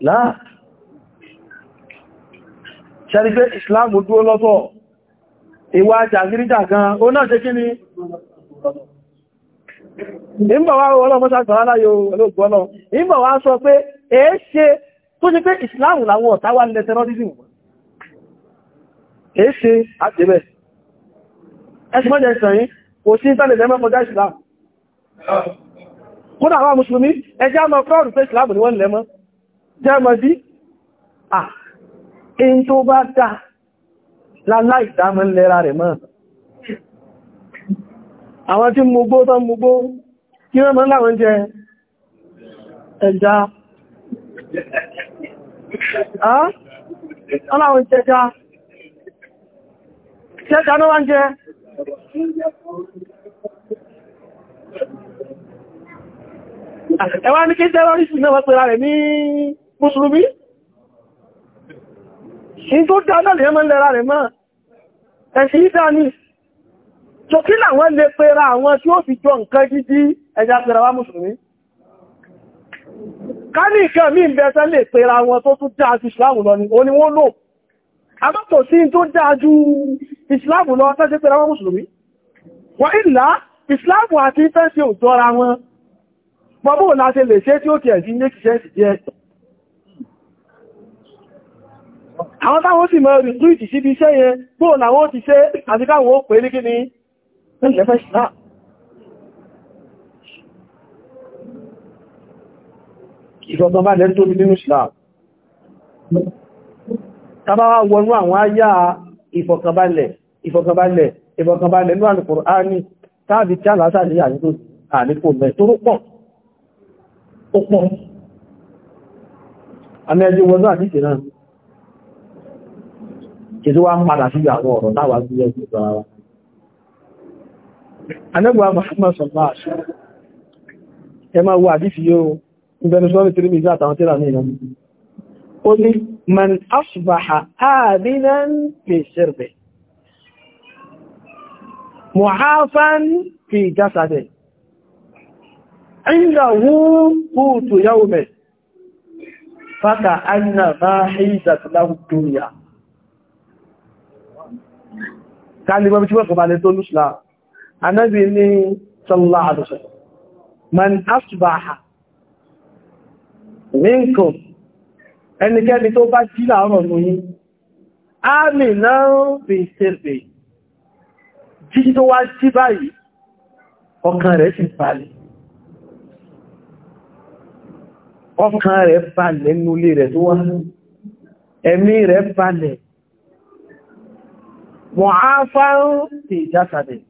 láà ṣẹ́rí pé ìsìláàmù dúró lọ́tọ̀ọ́ ìwà jàgíríjà gan o náà ṣe kí ni ìgbàwà ọlọ́mọ́sàtàrálá yóò olóògbọ́nà ìgbàwà sọ pé èé ṣe tó ṣe pé ìsìláàmù làwọn ọ̀tá wà nílẹ̀ terrorism èé ṣe àtẹ́bẹ̀ ẹ̀ṣùmọ́jẹ̀ ìsànyí kò sí ìtàlẹ̀ lẹ́mọ́ kọjá ìsìláàmù kódà àwọn mùsùlùmí ẹjá mọ́ fọ́ọ̀rù pé ìsìláàmù ni wọ́n lẹ́mọ́ jẹ́ mọ́ sí à in tó bá dáa láláì dámọ́ lẹ́ra rẹ̀ mọ́ àwọn tí mugbó tán mugbó kí wọ́n mọ́ láwọn jẹ ẹja ọláwọn jẹja jẹja náà wọ́n jẹ ẹwà ní kí tẹ́rọrìsì náà wọ́n pẹ̀lá rẹ̀ ní mùsùlùmí in tó dá náà lẹ́mọ́ lẹ́ra rẹ̀ mọ́ ẹ̀sì ìdá ni ṣòkí làwọn lè pera àwọn tí ó fi jọ nǹkan jíjí ẹja pera wá mùsùlùmí ká ní ìkan mí ń bẹ́ẹ̀sẹ́ lè pera wọn tó tún dáa ju ìsìláàmù lọ ni ó ni wọ́n lò àbọ́pọ̀ sí tó dáa ju ìsìláàmù lọ tẹ́ sí pera wọn mùsùlùmí wọ́n ìlà ìsìláàmù àti tẹ́sí ò jọra wọn bọ́bọ́ láti lè ṣe tí ó ti ẹ̀sí ní kìí ṣẹ́sì jẹ́ ẹ̀tọ́ àwọn táwọn sì mọ́ rìsúìtì síbi iṣẹ́ yẹn bóò làwọn ti ṣe àti káwọn ó pè ní kí ni ẹ̀lẹ́fẹ́ ṣìlá ìfọ̀gbọ̀n bá lẹ́rí tó bí nínú ṣìlá tàbá wọnú àwọn ayá ìfọ̀kànbalẹ̀ ìfọ̀kànbalẹ̀ ìfọ̀kànbalẹ̀ ní Al-Kùránì tàbí tí àlásà ní àníkò mẹ́ tó rúpọ̀ ó kí tó wá ń padà sí àwọn ọ̀rọ̀ táwà sí ẹgbẹ̀ ìgbà wa. Anẹ́gbà Muhammad Sallallahu Alaihi Wasallam, ẹ máa wo àdífi yóò, ìbẹnusọ́rọ̀ tí rí mi ìzá àtàwọn tẹ́lá ní ìlànà. Ó ní, Man asbaha aminan fi sirbe, muhafan fi jasade, inda kutu yaume, faka an na ba duniya kálímọ̀ tí wọ́n kọbalẹ̀ tó lùsùlá anábi ní sallallahu alaihi wasallam man asbaha minkum ẹnikẹ́ni tó bá jí láàárọ̀ lóyìn ámì náà fi ṣẹ́fẹ̀ jíjí tó wá jí báyìí ọkàn rẹ̀ sì balẹ̀ ọkàn rẹ̀ balẹ̀ nulé rẹ̀ tó wá ẹ̀mí rẹ̀ balẹ̀ mọ̀áfáàrún ti ìjásàdẹ̀.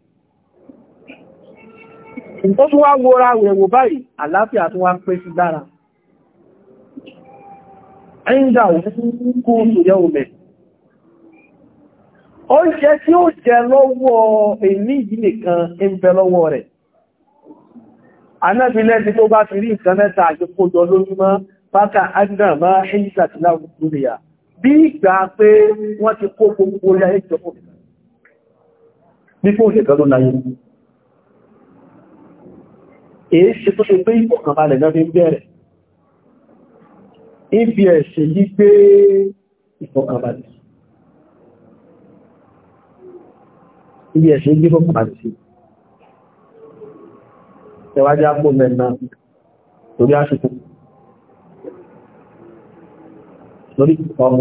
Ó tún wá wọ́ra wẹ̀wò báyìí, àlàáfíà tún wá ń pé sí dára. Ẹ́ndà kú ìyẹ́ òmẹ̀. Oúnjẹ tí ó jẹ lọ́wọ́ èní yìí nìkan ń bẹ lọ́wọ́ rẹ̀. Anábilẹ́ ti tó bá ti rí nǹkan mẹ́ta àjẹ́kójọ lójúmọ́, bákà Adìdà máa lórí à. Bí ìgbà pé wọ́n ti kó nípò ìṣẹ̀kọ́ ló láyé èé ṣe tó ṣe pé ìpọ̀kànbalẹ̀ náà fi ń bẹ̀rẹ̀ ìfi ẹ̀ṣẹ̀ yí pé ìpọ̀kànbalẹ̀ ibi ẹ̀ṣẹ̀ yí pọ̀kànbalẹ̀ sí ẹwàjá pò mẹ́ta torí àṣìkò lórí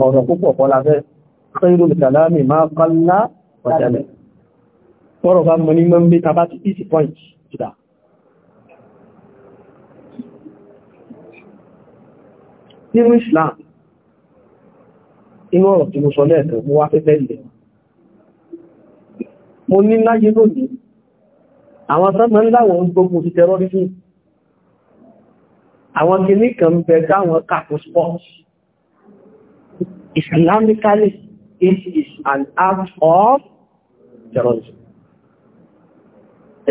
ọ̀rọ̀ púpọ̀ kọ́lá fẹ́ fẹ́ bọ́rọ̀ of our ní mọ́ ń gbé tàbá points. easy point nínú Islam inú ọ̀rọ̀ tí mo sọ lẹ́ẹ̀kan mo wá fẹ́fẹ́ ilẹ̀ mo ní láyé lónìí àwọn sọ́mọ́ láwọn gbogbo ti tẹ́rọ́rísì àwọn kìíní kan bẹ káwọn kàkù sports Islamically it is an act of terrorism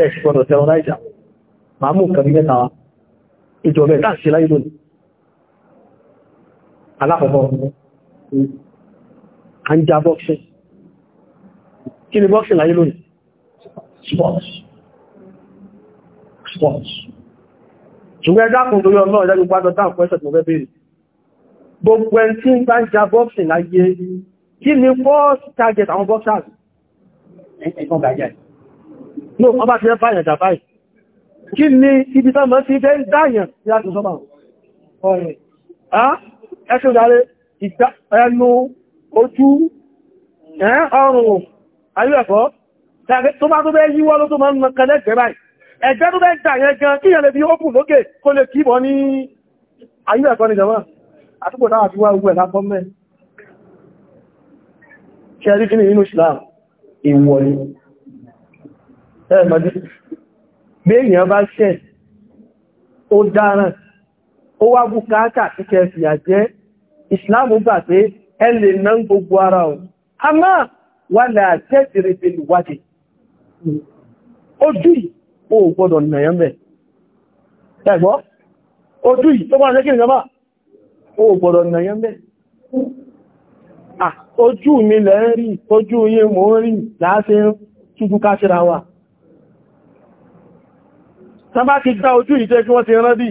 ẹ̀ṣì gbọdọ̀ tẹ̀wọ̀n láìjà máa mú nǹkan mẹ́ta wa ìjọba ẹ̀dá ṣe láyé lónìí alákọ̀ọ́kọ́ à ń ja boxing kí ni boxing láyé lónìí sports sports ṣùgbọ́n ẹ̀dá kùn lórí ọlọ́ ìdájú gbádọ́ dáhùn fún ẹ̀sẹ̀ tó fẹ́ béèrè gbogbo ẹni tí ń bá ń ja boxing láyé kí ni first target àwọn boxers ẹ̀kọ́ gàjẹ́ no ọba ti fẹ́ fàyàn jàfáì kí ni ibi tán mọ́ sí fẹ́ dáyàn ní àti sọ́bà ọ̀rẹ̀ ẹ́ṣùn dáre ẹnu ojú ọrùn ayúẹ̀fọ́ tó bá tó bẹ́ yíwọ́ ló tó mọ́ nà kẹlẹ̀ jẹ́ báyìí ẹ̀jẹ́ tó bẹ́ dáyàn gan kí yẹn lè fi ókùn lókè kó lè kíbọ̀ ní ayúẹ̀fọ́ ni jẹ́mọ́ àtúgbò náà fi wá gbogbo ẹ̀ lápọ́ mẹ́ ṣe rí kí ni nínú ìsìlámù ìwọ̀ ni ẹ̀mọ̀dé bí èèyàn bá ṣẹ̀ ó dáràn ó wá bùkátà kíkẹ́ fìyà jẹ́ ìsìláàmù gbà pé ẹ lè ná gbogbo ara ọ̀ a máa wà láà tẹ́jìrì pẹ̀lú wájẹ̀ ojú yìí ó gbọ́dọ̀ nàyàn bẹ̀ ẹ̀gbọ́ ojú yìí tó bẹ̀ ojú mi lẹ́ ojú yìí mò rí láàáṣẹ́ tútù káṣíra wa tán bá ti gbá ojú ìjẹ́ kí wọ́n ti rán bí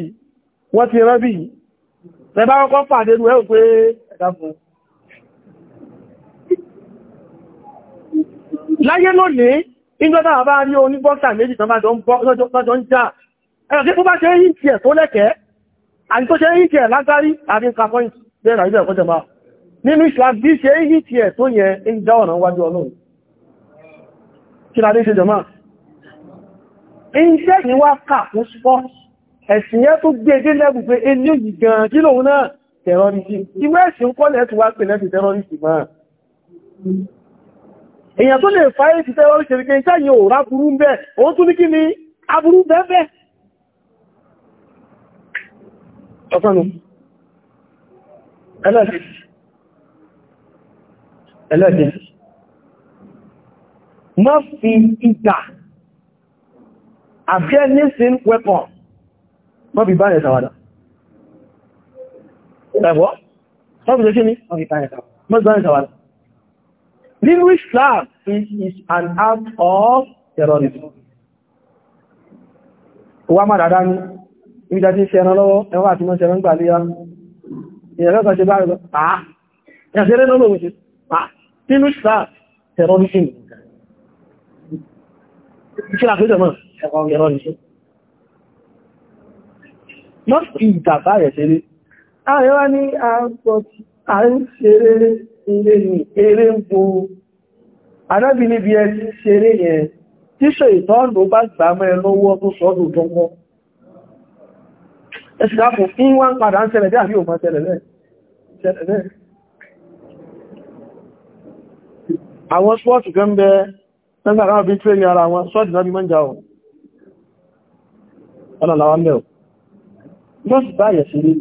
wọ́n ti rán bí ẹbá kọ́kọ́ pàdé rú ẹ́ pé ẹ̀dàfún láyé lónìí ìjọba àbá rí oníbọ́sà méjì tán bá jọ ń já ẹ̀rọ̀dé bó bá ṣe rí ìtìẹ̀ tó lẹ́kẹ́ àti tó ṣe rí ìtìẹ̀ lágbárí àti kàfọ́ìn bẹ́ẹ̀rẹ̀ àríbẹ̀ ọkọ́ jẹma nínú Islam bí ṣe rí ìtìẹ̀ tó yẹ ń já ọ̀nà wájú Ọlọ́run kí la dé ṣe jẹma iṣẹ́ yìí wá kà fún sports ẹ̀sìn yẹn tó gbé dé lẹ́bù pé eléyìí gan kí lòun náà tẹ̀rọrìsì ìwé ẹ̀sìn kọ́lẹ̀ tí wá pè lẹ́sìn tẹ̀rọrìsì máa èèyàn tó lè fáyé ti tẹ̀rọrìsì rí pé iṣẹ́ yìí ò ráburú bẹ́ẹ̀ òun tún ní kí ni aburú bẹ́ẹ̀ ọ̀tọ́nu ẹlẹ́ẹ̀kẹ́ má fi ìgbà afghanistan weapon wọ́n fi báyẹ̀ sàwádà ẹ̀wọ́ wọ́n fi ṣe kí ni wọ́n fi báyẹ̀ sàwádà nínú Islam is an act of terrorism wà má dáadáa ní ibi dájí ṣe ẹran lọ́wọ́ ẹwà àti mọ́ṣẹ́ ẹran gbà lé ya ìyẹ̀rẹ́ kan ṣe bá rẹ̀ pàá ìyàṣẹ́rẹ́ náà lòun ṣe pàá nínú Islam terrorism kí Not ní that Mọ́ fi ìtàbá rẹ̀ ṣeré. Ààrẹ wá ní ààrẹ ń ṣeré ilé ní eré ń bo. Anábì níbi ẹ ti ṣeré yẹn, to ìtọ́nù bá gbà mẹ́ lọ́wọ́ tó sọ́dọ̀ tó mọ́. Ẹ̀sìn àpò kí wá ń padà ń ṣẹlẹ̀ bí àbí òmọ́ ṣẹlẹ̀ bẹ́ẹ̀. Àwọn spọ́ọ̀tù kan bẹ, ẹgbẹ̀rẹ̀ àwọn bí tíré ní ara wọn, sọ́ọ̀dì náà bí mọ́ ń jà ọ̀nà làwọn mẹ́ o yóò sì báyẹ̀ sí rí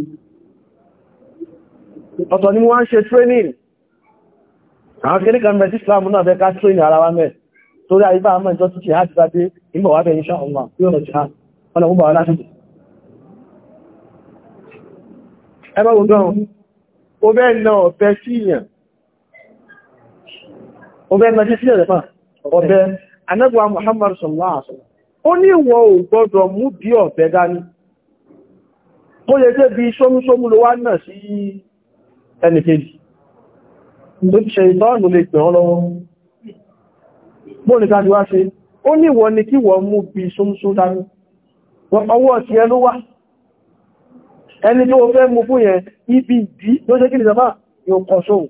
ọ̀tọ̀ ni mo wá ń ṣe training àwọn kéré kan bẹ̀ sí Islam náà bẹ́ ká training ara wa mẹ́ torí àyíká àmọ́ ìjọ títí àti ìgbàdé ìmọ̀ wà bẹ̀ insha Allah yóò rọ̀ jihad ọ̀nà gbogbo àwọn lásìkò ẹgbẹ́ gbogbo ọbẹ̀ na ọ̀fẹ́ síyàn ọbẹ̀ na sí síyàn rẹ̀ fà ó ní ìwọ ò gbọdọ̀ mú bí ọ̀bẹ dání kó lè jẹ́ bí ṣómúṣómú ló wá náà sí ẹnìkejì tó ṣe ìtọ́nù lè pẹ̀ ọlọ́wọ́ bóòlù káàdì wá ṣe ó ní ìwọ ni kí wọ́n mú bí ṣómúṣó dání ọwọ́ ti ẹ ló wá ẹni tó fẹ́ mú fún yẹn ibi ìdí ló ṣe kí nìjọba yóò kọ sóhùn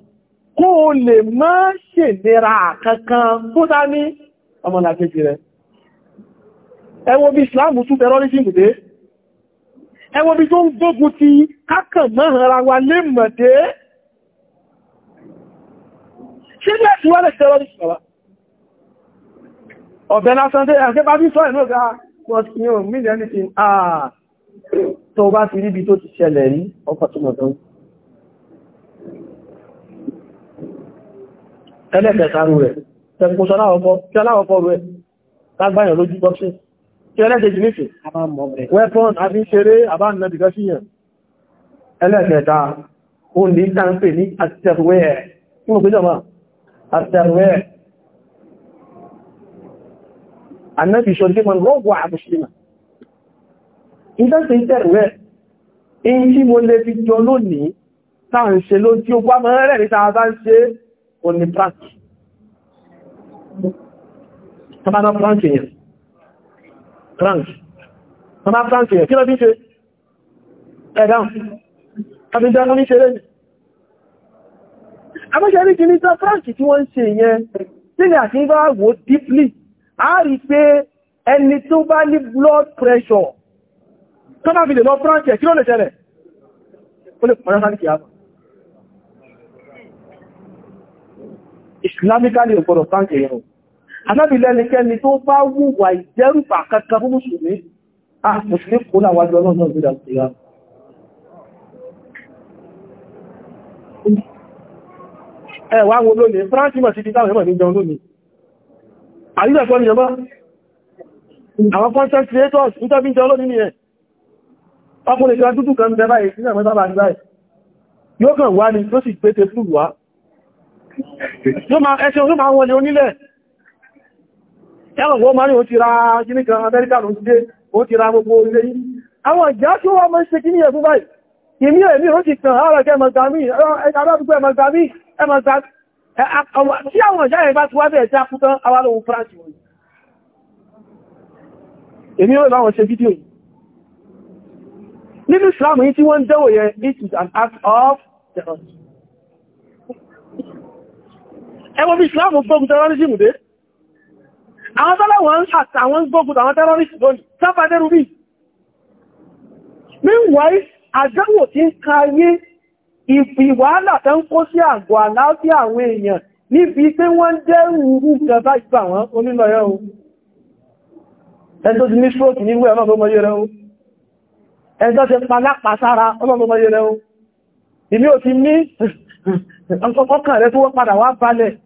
kó o lè má ṣèlera kankan tó dání ọmọlàkejì rẹ̀ ẹ wo bí islam tún terrorism dé ẹ wo bí tó ń gbógun ti kákàn mọ́ra wa lè mọ̀ dé ṣe ní ẹ̀sùn wọ́n lè terrorism wà ọ̀bẹ̀ lásán tẹ́ ẹ̀kẹ́ bá bí sọ ẹ̀nú ọ̀gá but you know mean anything ah tó bá ti ríbi tó ti ṣẹlẹ̀ lójú bọ́ksí kí ẹlẹ́kẹ̀ẹ́jì nífẹ̀ weapon àti ṣeré àbánàbìkà síyàn ẹlẹ́kẹ̀ẹ́ta ó ní tánpẹ̀ ní àtẹ̀wẹ̀ẹ́ kí mo pẹ́jọ máa àtẹ̀wẹ̀ẹ́ annabi ṣọ́ jẹ́ mọ́n rọ́gbọ́ àbúṣílìmà ìdáṣẹ́ ìtẹ̀wẹ̀ in tí mo lè fi jọ lónìí táà ń ṣe ló tí ó gbá mọ́rẹ̀ ní tàà bá ń ṣe oní prank france ọmọ france yẹ̀ kí lọ bí ṣe ẹ̀dá àbíjá ní ṣe lẹ́yìn abẹ́ṣẹ́rí kì ní france tí wọ́n ń ṣe yẹn nígbà tí bá wò deeply a rí pé ẹni tó bá ní blood pressure tó bá fi lè lọ france yẹ̀ kí ló lè ṣẹlẹ̀ ó lè pọ̀nà sáà ní kìí Islamically, ọ̀pọ̀lọ̀ France yẹn Ànábì lẹ́nikẹ́ni tó bá wùwà ìjẹ́rùpà kankan fún Mùsùlùmí, a Mùsùlùmí kò náà wájú ọlọ́run náà gbídà sí ra. Ẹwà wo lónìí, Fráńsì mọ̀ sí ti táwọn ẹmọ̀ ní jẹun lónìí. Àyíkẹ́ ẹ̀kọ́ ni ọmọ, àwọn content creators ń tọ́bí jẹun lónìí ni ẹ̀. Ọkùnrin kan dúdú kan bẹ báyìí sínú ẹ̀mọ́ta bá ti báyìí. Yóò kàn wá ni, ló sì pété fúlù wá. Yóò máa ẹṣẹ́ orí máa wọlé onílẹ̀ ẹwọ̀n gbọ́ máa ní o ti ra gíníkà amẹ́ríkà ló ti dé o ti ra gbogbo ilé yìí àwọn ìjá tí wọ́n mọ́ ṣe kíní ẹ̀fún báyìí ìmí ẹ̀mí ó ti tàn ààrẹ kẹ́ mọ̀gbàmí ẹ̀dàdàdùgbò ẹ̀mọ̀gbàmí ẹ̀mọ̀gbàmí tí àwọn ìjá yẹn bá ti wá bẹ̀ẹ̀ tí a kú tán awálòun France wọ̀nyí èmi ó láwọn ṣe fídíò yìí nínú Islam yìí tí wọ́n ń dẹ́wò yẹn this is an act of terror ẹwọ́n bí Islam fóògùn terrorism dé àwọn sọ́lọ́wọ̀n ń ṣàtà àwọn gbógun àwọn terrorist lónìí sáfàdẹ́rù bí meanwhile àjẹ́wò tí ń káyé ìfìwàhálà tó ń kó sí àgọ́ àláfíà àwọn èèyàn níbi pé wọ́n jẹ́ ìrú ìjọba ìgbà wọn onílọ̀yọ́ o ẹjọ́ ti ní stroke ní ìwé ọlọ́mọye rẹ̀ o ẹjọ́ ti palápa sára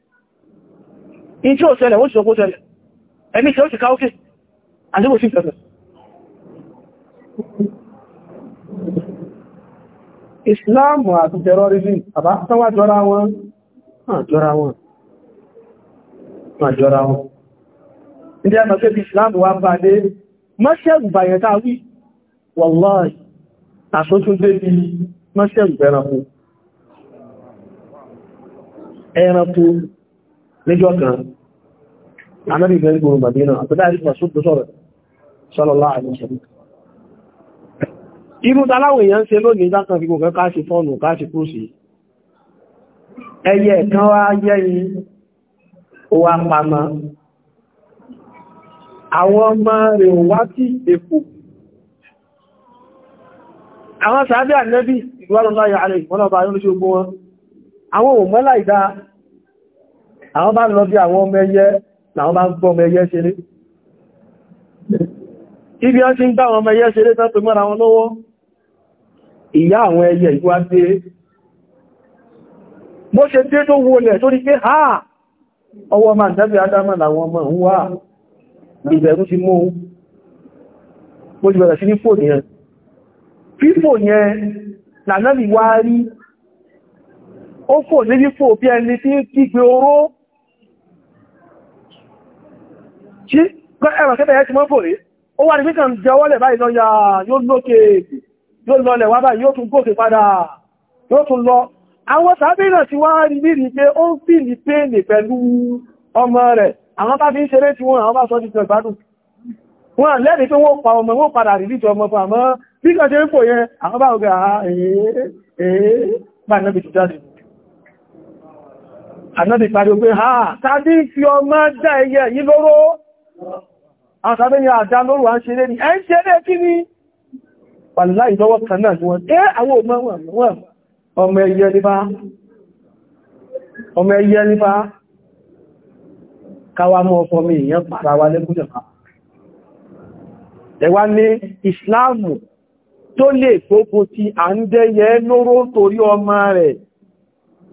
in tí ó ṣẹlẹ̀ ó ṣe ṣẹlẹ̀ ẹ̀mí tí ó ṣe káókè àdíbò sí ṣẹlẹ̀ Ìsìláàmù àti terrorism àbá tánwà jọra wọn àjọra wọn àjọra wọn ilé ẹ̀mọ̀ pé bí Ìsìláàmù wá bá dé mọ́ṣẹ́gù bàyẹ̀ta wí wàláì àṣótún dé bí mọ́ṣẹ́gù ẹranko níjọ́ kan anábì bẹ̀rẹ̀ gbogbo Madina àtúdá ìrìn àṣò tó sọ̀rọ̀ sọ́lọ́lá àìsàn irú taláwọ̀ èèyàn ṣe lónìí dákan fi gbogbo káàṣì fọ́nù káàṣì kúrùsì ẹyẹ kan wá yẹ́yìn ó wá pamọ́ àwọn ọmọ rẹ̀ wá tí èkó àwọn sàábẹ́ ànẹ́bì ìgbàlọ́láyà àrẹ̀ ìmọ́lọ́bà yóò ṣe gbogbo àwọn bá lọ bí àwọn ọmọ ẹyẹ làwọn bá ń gbọ́ ọmọ ẹyẹ ṣeré ibi wọ́n ti ń gbá àwọn ọmọ ẹyẹ ṣeré tó mọ́ra wọn lọ́wọ́ ìyá àwọn ẹyẹ ìwá dé bó ṣe dé tó wọlẹ̀ tó rí pé ha ọwọ́ ma ń dábí adámà làwọn ọmọ ń wá ìbẹ̀rú ti mú bó ti bẹ̀rẹ̀ sí ní fò yẹn fífò yẹn lànàbí wá rí ó fò ní fífò bí ẹni tí kígbe oró ṣí ẹwà kẹta ẹ̀ ti mọ́ fòrí ó wà ní pé kàn jẹ ọwọ́lẹ̀ báyìí lọ́yà yóò lókè yóò lọlẹ̀ wá báyìí yóò tún gòkè padà yóò tún lọ àwọn sàábì náà ti wá rí rí pé ó ń fi ní pèèlè pẹ̀lú ọmọ rẹ̀ àwọn bá fi ń ṣeré tí wọ́n àwọn bá sọ ti tẹ̀ gbádùn wọ́n lẹ́rìí pé wọ́n pa ọmọ wọ́n padà rí líjọ ọmọ fún àmọ́ bí kan ṣe ń fò yẹn àwọn bá ọgbẹ̀ àá èé èé bá ìnábi ti jáde ànábi ah, fi ọmọ dá ẹyẹ yìí lóró àwọn tàbí ni àdá lóòrùn à ń ṣe lérí ẹ́ ń ṣe lé kí ni pàlìlá ìdọ́wọ́ kan náà ni wọ́n tẹ́ àwọn ọmọ ẹyẹ nípa ọmọ ẹyẹ nípa káwà mọ́ ọkọ̀ mi èèyàn pàrà wa lẹ́kúnjẹ̀ máa ẹwà ní ìsìláàmù tó lè kókó ti à ń dẹ́yẹ lóró torí ọmọ rẹ̀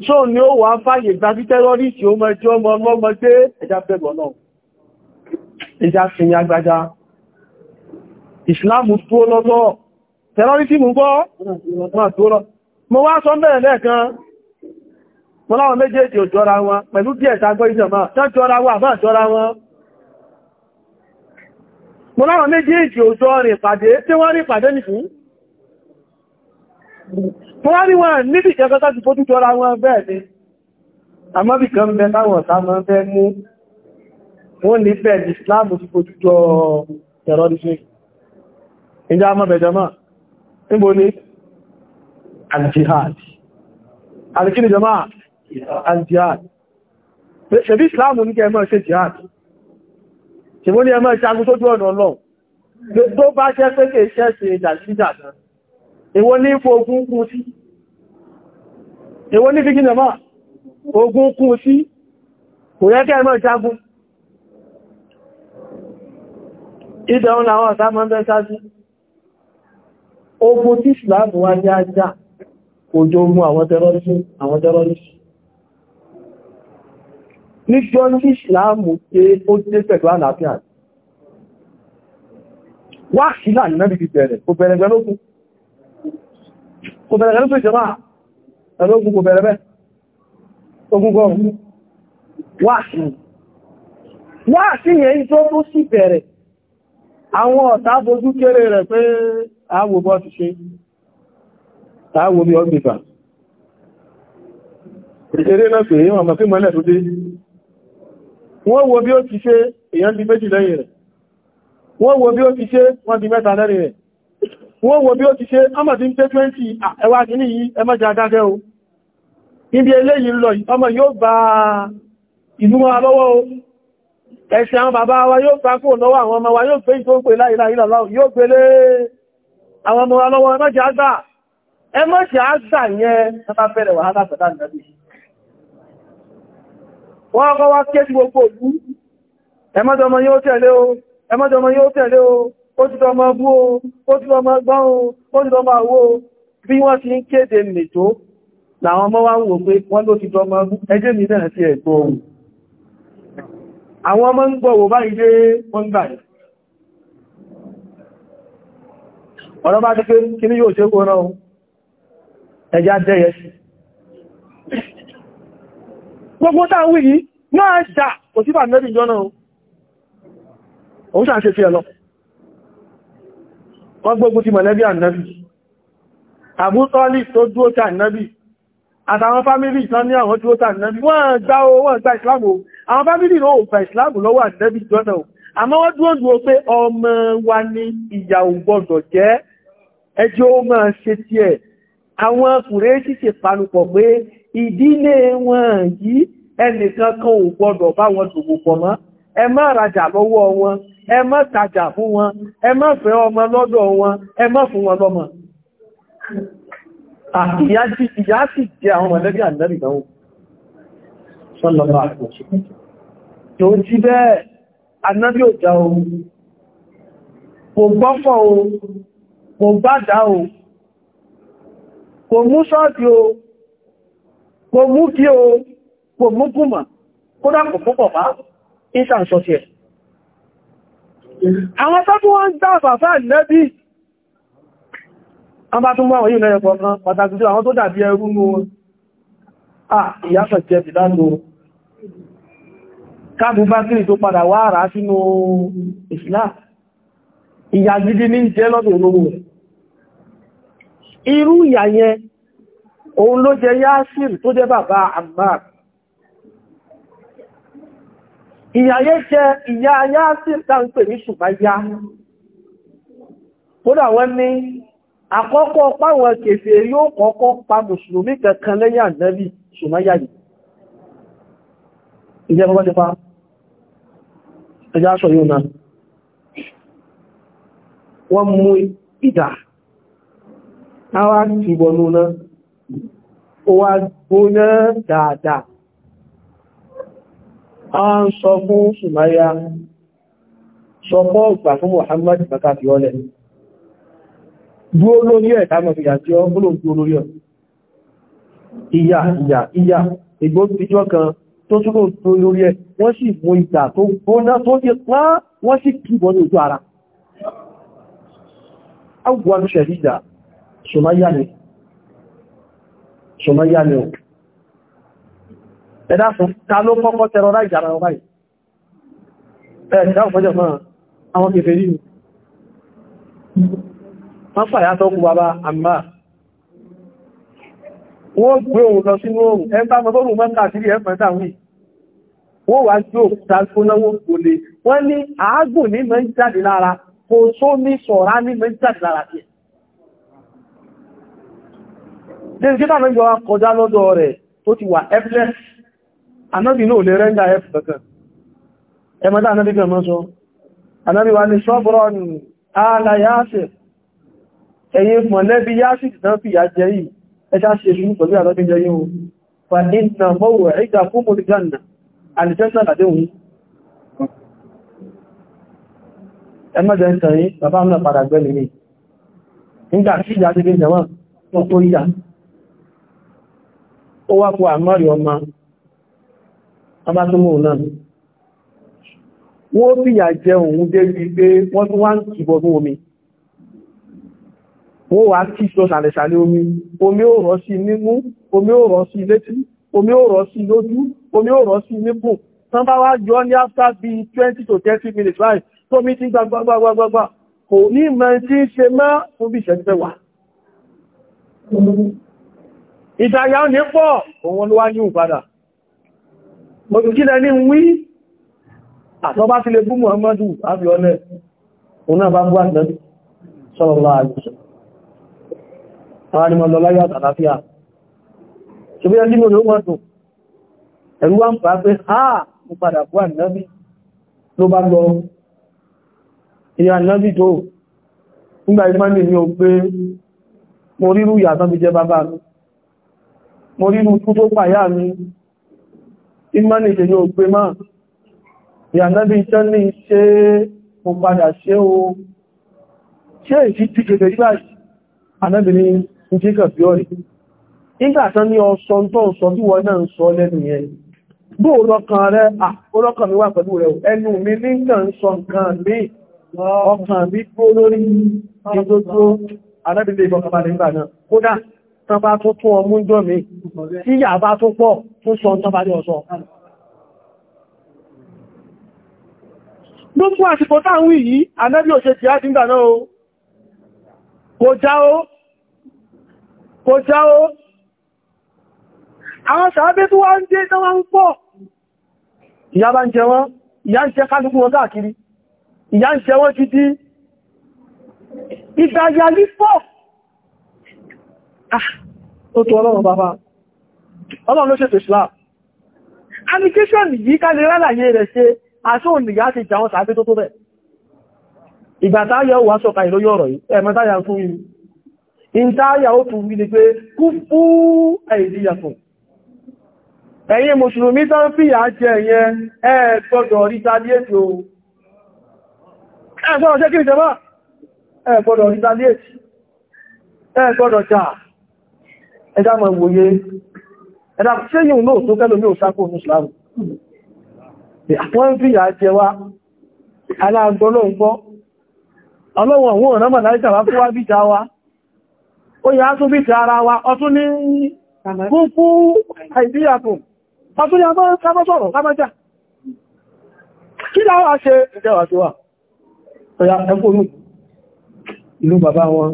tó ní ó wà fàyè gbábítẹ́rọ́rìsì ó mẹ́jọ́ ọmọ ọmọ gbé ẹjá bẹ̀rọ̀ náà ẹjá sinmi agbájá ìsìláàmù tó lọ́tọ̀ tẹ́lọ́rítìmù gbọ́ wọn tó lọ mo wá sọ bẹ̀rẹ̀ lẹ́ẹ̀kan wọ́n láwọn méjèèjì ò jọra wọn pẹ̀lú díẹ̀ tàgbọ́ ìjọba tán jọra wọn àbá jọra wọn mo láwọn méjèèjì ò jọ rìn pàdé tí wọ́n rí pàdé nìfú tó wá rí wọn níbi ìjẹ́kọ́ta ti fojú jọra wọn bẹ́ẹ̀ ni àmọ́bì kan bẹ táwọn wọ́n lè fẹ́ Islam ti fojú jọ terrorism ìjá mọ́ bẹ̀jọ́mọ́ níbo ní al-jihad alìkíni jọmọ́ al-jihad ṣebí Islam ní kẹmọ́ ṣe jihad ṣe mọ́ ní ẹmọ́ ìṣàgún tó jọ ọ̀nà lọ tó bá jẹ́ pé kè iṣẹ́ ṣe ìdàjíjà ìwọ ní ipò ogun kú sí ìwọ ní fi kí ìdẹ̀un làwọn ọ̀tá mọ́ bẹ́ sáájú ogun tí ìsìláàmù wá ní ajá òjò ogun àwọn tẹ́rọrìsì àwọn tẹ́rọrìsì níjọ́ tí ìsìláàmù pé ó dé pẹ̀lú àlàáfíà wá sílà nínú ibi bẹ̀rẹ̀ kò bẹ̀rẹ̀ gẹ́lógún yẹn ìjọ tó sì bẹ̀rẹ̀ àwọn ọ̀tá fojú kéré rẹ̀ pé àwò bọ́ ti ṣe àwò bí ọgbìfà ìṣeré náà pé wọ́n mọ̀ sí mọ́lẹ̀ tó dé wọ́n wo bí ó ti ṣe èyàn di méjì lẹ́yìn rẹ̀ wọ́n wo bí ó ti ṣe wọ́n di mẹ́ta lẹ́yìn rẹ̀ wọ́n wo bí ó ti ṣe ọmọ tí ń pé 20 ẹwà kìíní yìí ẹmọ́jà adágẹ́ o níbi eléyìí lọ ọmọ yóò bá ìlú wọn lọ́wọ́ o ẹ̀ṣẹ̀ àwọn bàbá wa yóò ká lọ́wọ́ àwọn ọmọ wa yóò fẹ́ ìtò ń pè láìlá ìlàlá yóò gbélé àwọn ọmọ wa ẹmọ́ṣẹ́ àgbà ẹmọ́ṣẹ́ àgbà yẹn tọ́bá bí wọ́n ti ń kéde nìtó làwọn ọmọ wa ń wò pé wọ́n ló ti tọmọ ẹjẹ́ mi náà ti ẹ̀gbọ́ ohun àwọn ọmọ ń gbọ́ wò báyìí dé wọ́n gbà ní ọ̀rọ̀ bá ti pé kí ní yóò ṣe kó náà ẹjá dẹ́yẹ sí gbogbo tàà wí yìí náà ṣà kò sí bàtẹ́bì jọ náà òun ṣà ṣe fi ẹ̀lọ wọ́n gbogbo ti mọ̀lẹ́bí ànábì Abu Talib tó dúó tà ànábì àtàwọn fámílì tán ní àwọn dúó tà ànábì wọ́n gbá o wọ́n gbá ìsìlámù àwọn fámílì náà ò ìsìláàmù lọ́wọ́ àdẹ́bì jọ́nà àmọ́ wọ́n dúró dúró pé ọmọ wa ní ìyàwó gbọ́dọ̀ jẹ́ ẹjọ́ ó máa ṣe tí ẹ̀ àwọn kùrẹ́sì ṣe panupọ̀ pé ìdílé wọn yìí ẹnìkan kan ò gbọ́dọ̀ bá wọn dòwò pọ̀ mọ́ ẹ má rajà lọ́wọ́ wọn ẹ má tajà fún wọn ẹ má fẹ́ ọmọ lọ́dọ̀ wọn ẹ má fún wọn lọ́mọ ìyá sì jẹ àwọn mọ̀lẹ́bí àdẹ́bì náà sọ́lọ́lọ́ àkùnṣe tó jí bẹ́ẹ̀ anábí ò já kò gbọ́fọ̀ ohun kò gbádá ohun kò mú ṣọ́ọ̀tì ohun kò mú kí ohun kò mú kùmà kódà kò púpọ̀ bá ìṣàǹsọ́sì ẹ̀ àwọn tó bí wọ́n dá fàfà lẹ́bí a bá tún wá wọ̀nyí lẹ́yẹ kọ̀ọ̀kan pàtàkì sí àwọn tó dàbí ẹrú mú wọn à jẹ́ bìdánù káàbù bá kìrì tó padà wá àrá sínú Islam ìyà gidi ní jẹ́ lọ́dọ̀ olóòrùn rẹ̀ irú ìyà yẹn òun ló jẹ Yásir tó jẹ́ bàbá Ammar ìyà yẹn jẹ ìyà Yásir táǹpẹ̀ ní ṣùgbáyá kódà wọ́n ní àkọ́kọ́ páwọn kèfèé yóò kọ́kọ́ pa mùsùlùmí kankan lẹ́yìn ànábì ṣùgbáyá yìí ìjẹ́ bọ́bọ́ ti pa ẹjá sọ yóò náà wọ́n mú ìdá àwa ti wọnú náà ó wá gbóná dáadáa a ń sọ fún Sùmáyà sọ fọ́ ìgbà fún Muhammad bàtà fi ọlẹ̀ dúó lórí ẹ̀ tàbí ìyà tí ó gbóló dúó lórí ẹ̀ ìyà ìyà ìyà tó túnbò tó lórí ẹ wọ́n sì mú ìgbà tó gbóná tó yẹ pá wọ́n sì kìbọn ní ojú ara agbúwájú ṣẹ̀rí ìjà ṣọmáyá ni ò ẹ̀dá fún ta ló kọ́kọ́ tẹrọrá ìjàrà ọba yìí ẹ̀ẹ̀dá fọ́jọ́ fún àwọn kèfèrí ni wọ́n fàyà wọ́n gbé òun lọ sínú oòrùn ẹgbà mọ́tọ́rùn mọ́ta sí ẹ̀fẹ́ dáwìn wọ́n wá jó tàbíkónáwó kò lè wọ́n ní àágùn ní mẹ́jáde lára kò só ní sọ̀rá ní mẹ́jáde lára tí ẹ̀ jẹ́ tàbí yọ akọjá lọ́dọ̀ rẹ̀ tó ti wà ẹ́fẹ́lẹ́s anábì náà lè rẹ́ndà ẹ̀fẹ́ kankan ẹ̀ṣá ṣe ṣe pẹ̀lú àlọ́bíjọ yíò fa iná mọ́wọ̀ ẹ̀gbà fún mọ̀lìjánà alìjẹ́sà àdéhùn ẹmọ́jẹ́ ń tẹ̀yí bàbá mọ́ padà gbẹ́lì ní nígbà tí ìyá ti gbé jẹ̀wọ́n tó tó yíya ó wá kó àmọ́rì ọmọ wọ́n wá kí ṣọ́ sàlẹ̀sàlẹ̀ omi omi ó rọ̀ sí nímú omi ó rọ̀ sí létí omi ó rọ̀ sí lójú omi ó rọ̀ sí níbùn tán bá wá jọ ní after bí 20 to 30 minutes láì tó mi ti gbagbagbagbagbà kò ní mẹ́ tí ń ṣe mọ́ fún bí ìṣẹ́jú wà ìdáyà ní pọ̀ òun ló wá ní ìpadà mọ̀tùkílẹ̀ ní wí àtọ́bá ti lè bú Muhammadu àbíọ́lẹ̀ òun náà bá bú àjọ́dí sọ́rọ̀lá àjọ́sọ̀ àwọn anìmọ̀ lọ láyé àtàlàfíà ṣe bí ẹni mọ̀ ló wọ́n tó ẹ̀rú wá ń pàá pé ha mú padà kú ànábì ló bá lọ ilé ànábì tó nígbà ìgbàmì ní o pé mo rírú ìyàtọ̀ bí jẹ bàbá mi mo rírú kú tó pàyà mi ìgbàmì ní o pé máa ìyànábì iṣẹ́ ní ṣe mo padà ṣe o ṣe ìṣí ti kèfèrí báyìí ànábì ní tí kàn fi ọ̀rẹ́ nígbàtán ní ọsọ tó ń sọ bí wọ́n náà ń sọ lẹ́nu yẹn bó lọ́kàn rẹ̀ àkọ́lọ́kàn mi wà pẹ̀lú rẹ̀ ẹnu mi ní kàn sọ nǹkan mi ọkàn mi gbó lórí ìdótó arábìnrin ìbọ̀kàbalẹ̀ nígbà náà kódà tán bá tó tún ọmú jọ mi tí yà bá tó pọ̀ tún sọ tán bá ní ọ̀sọ̀ ló fún àsìkò táwọn yìí anábí òṣèṣì á díngbà náà o kò já o kò já ó àwọn sàábé tó wá ń dé tó wá ń pọ̀ ìyà bá ń jẹ wọ́n ìyà ń jẹ kálùkù wọn káàkiri ìyà ń jẹ wọ́n títí ìgbàyà ní pọ̀ ah, ó tó ọlọ́run bàbá ọlọ́run ló ṣètò Islam application yìí ká lè rálàyé rẹ̀ ṣe àṣóhùn ìyà ti jà wọn sàábé tó tó bẹ̀ ìgbà wà sọ̀ka ìlóyọ̀ ọ̀rọ̀ yìí ẹ̀mọ́táyà fún yìí ìntáyà ó tún wílé pé kú fún ẹ̀ìdíyàtọ̀ ẹ̀yin mùsùlùmí tán fìyà jẹ ẹ̀yẹ ẹ̀ẹ̀gbọ́dọ̀ retaliate o ẹ̀gbọ́dọ̀ ṣe kí ìjọba ẹ̀ẹ̀gbọ́dọ̀ retaliate ẹ̀ẹ̀gbọ́dọ̀ jà ẹ̀dá mọ̀ ìwòye ẹ̀dá ṣe yìí lóò tó kẹ́lò ní òṣàkó mùsùlùmí wọ́n fìyà jẹ wá aláàgbọ́lọ́ ó yá tún bí ti ara wa ọtún ní púpú àìdíyàtùn ọtún ní agbọ́sọ̀rọ̀ lábájá kí ni àwọn ṣe ìjẹwà tí wà ọ̀yà ẹkùnrù ìlú bàbá wọn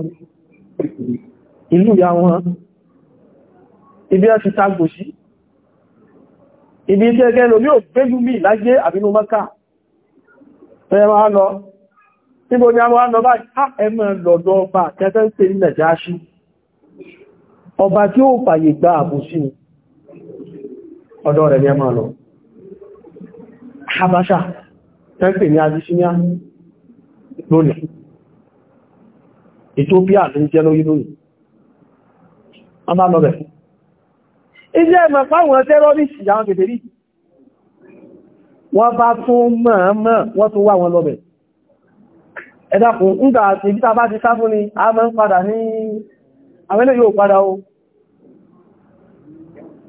ìlú ìyá wọn ibi ẹ́ ti tagbò sí ibi tí ẹgẹ́ lómi ò gbéjú mi láyé àbínú mọ́ká ẹ máa lọ níbo ni a máa lọ báyìí ẹmọ́ lọ́dọ́ ọba kẹta ń pè ní nàìjíríà ọba tí ó fàyè gba àbòsí ni ọ̀dọ̀ rẹ̀ ní ẹmà lọ Habasha tẹ́pẹ̀ ní Abyssinia lónìí Ethiopia ló ń jẹ́ lórí lónìí wọ́n bá lọ́bẹ̀ ilé ẹ̀mọ̀ fáwọn tẹ́rọ́rìsì àwọn bèbèrè wọ́n bá tún mọ̀ọ́mọ̀ wọ́n tún wá wọn lọ́bẹ̀ ẹ̀dàkùn ń gbà àti ibi tàbá ti sáfún ni a mọ́ ń padà ní àwọn ilé yóò padà o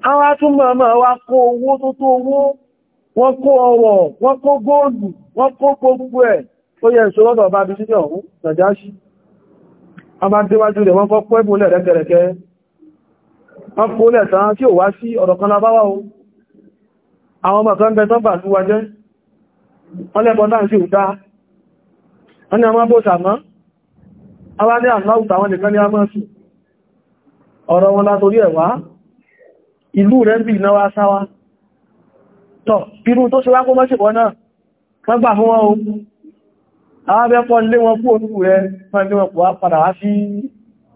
àwọn atúnmọ̀ ọmọ wa kó owó tó tó owó wọ́n kó ọwọ̀ wọ́n kó góòlù wọ́n kó gbogbo ẹ̀ tó yẹ ìṣòlọ́dọ̀ ọba bí sí ọ̀hún nàjáṣí a máa déwájú rẹ̀ wọ́n kọ́ pẹ́bùnlẹ̀ rẹ̀kẹ̀rẹ̀kẹ́ wọ́n kó lẹ̀ tán tí ò wá ni a máa bó sàmọ́ a wá ní àláùtà wọn nìkan ni a máa sùn ọ̀rọ̀ wọn látorí ẹ̀wà ìlú rẹ̀ ń bí ìnáwà sáwá tọ̀ irú tó ṣe wá kó mọ́ṣẹ̀kọ́ náà wọ́n gbà fún wọn o àwábẹ́pọ̀ lé wọn kú òtúkù rẹ̀ fún ẹgbẹ́ wọn padà wá sí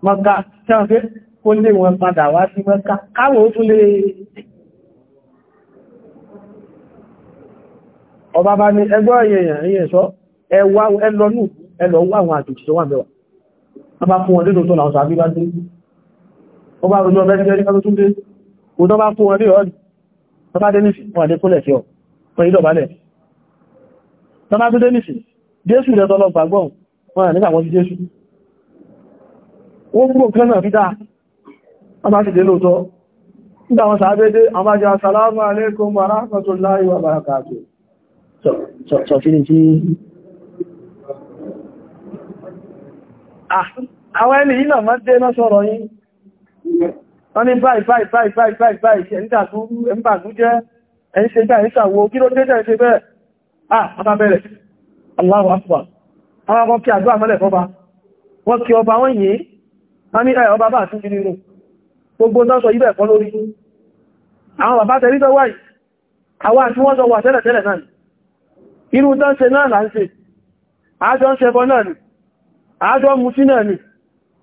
Mẹ́kà tí wọ́n fẹ́ kó lé wọn padà wá sí Mẹ́kà káwọn ó tún lè e. ọba bá ní ó bá rojú ọbẹ̀ nígbẹ̀rí kan tó tún dé kò tán bá fún wọn ní ọ̀rọ̀ tán bá dé nìsì wọn àdé kólẹ̀ sí ọ fún ìdọ̀bálẹ̀ tán bá tún dé nìsì jésù rẹ̀ tọ́lọ gbàgbọ́n wọn à nígbàwọ́n sí jésù ó gbò kan náà fi dáa wọ́n bá àwọn wa rahmatullahi wa barakatuh sọ fi ní tí ah, àwọn ẹni yìí náà máa dé náà sọ̀rọ̀ yìí wọ́n ní báyìí báyìí báyìí báyìí báyìí báyìí ẹ̀ńgbà tó jẹ́ ẹ̀ńṣe gbà ẹ̀ńṣà wo kí ló dé jẹ́ ṣe bẹ́ẹ̀ ah ọba bẹ̀rẹ̀ Allahu Akbar àwọn ọmọ kí àdúrà mọ́lẹ̀ fọ́ba wọ́n kí ọba wọ́n yìí wọ́n ní ọba bá tún nínú irun gbogbo náà sọ ibẹ̀ kọ́ lórí àwọn bàbá tẹ̀rí tó wáyìí àwọn àti wọ́n sọ wà tẹ́lẹ̀ tẹ́lẹ̀ náà irú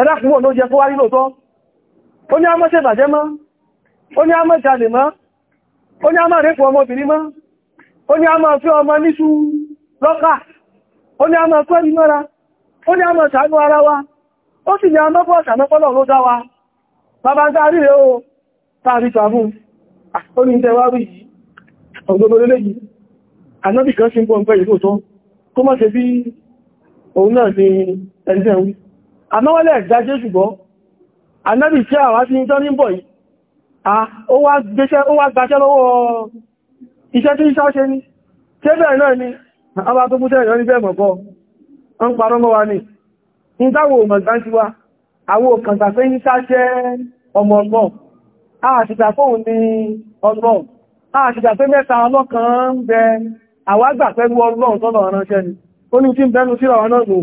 ẹ̀dàkùnwò ló jẹ fówárí lóòtọ́ ó ní a mọ́ ṣẹ̀bàjẹ́ mọ́ ó ní a mọ́ jalè mọ́ ó ní a mọ́ rẹ́pù ọmọbìnrin mọ́ ó ní a mọ́ fẹ́ ọmọ níṣú lọ́kà ó ní a mọ́ fẹ́ ìmọ́ra ó ní a mọ́ ṣàánú ara wa ó sì ní a mọ́ bọ́ ṣàmọ́pọ́lọ̀ ló dá wa ni ẹni àmọ́wọ́lẹ̀ ìdájé ṣùgbọ́n anábì tí àwá sí ní tọ́ní bọ̀ yìí ó wá gbáṣẹ́ lọ́wọ́ iṣẹ́ tí iṣẹ́ ṣe ní tẹ́bẹ̀ náà ni ọba tó múṣẹ́ ìyọ́ níbẹ̀ mọ̀kọ́ ń parọ́ mọ́ wa ní ìdáwò mọ̀gbánṣíwá àwọ kàntàfẹ́ ní sáṣẹ́ ọmọ ọgbọ́n àṣìtàfóhùn ní ọgbọ́n àṣìtàfẹ́ mẹ́ta ọlọ́kan ń bẹ àwágbàfẹ́ wọ́n ọlọ́run tọ́lọ̀ ọ̀ránṣẹ́ ni ó ní tí ń bẹnu síra ọ̀nà lòó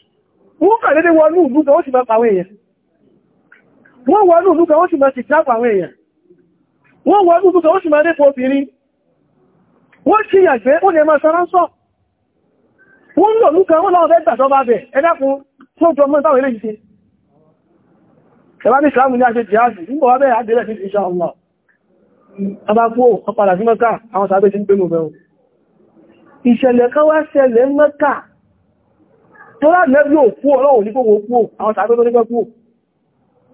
wọ́n kà lédé wọnú ìlú kan ó sì máa pàwọn èèyàn wọ́n wọnú ìlú kan ó sì máa tìtà pàwọn èèyàn wọ́n wọnú ìlú kan ó sì máa dé obìnrin wọ́n sí ìyàgbé ó lè máa sọ́rán sọ́ wọ́n lò lúkan wọ́n láwọn fẹ́ gbàjọba bẹ̀ ẹ̀dàkùn tó jọ mọ́ ìtàwọn eléyìí sí ẹ̀bá ní ìsìlámù ní àṣẹ jihadi nígbà wá bẹ́ẹ̀ àdẹ́lẹ̀ sí insha Allah abákú ọ̀pàdà sí mọ́ká àwọn sàbẹ́ sí ń gbé mọ̀ bẹ̀rún ìṣẹ̀lẹ̀ kan wá ṣẹlẹ̀ mọ́ká tọ́lá nẹ́bí òkú ọlọ́run ní kòkó kú àwọn sàgbé tó nígbẹ́ kú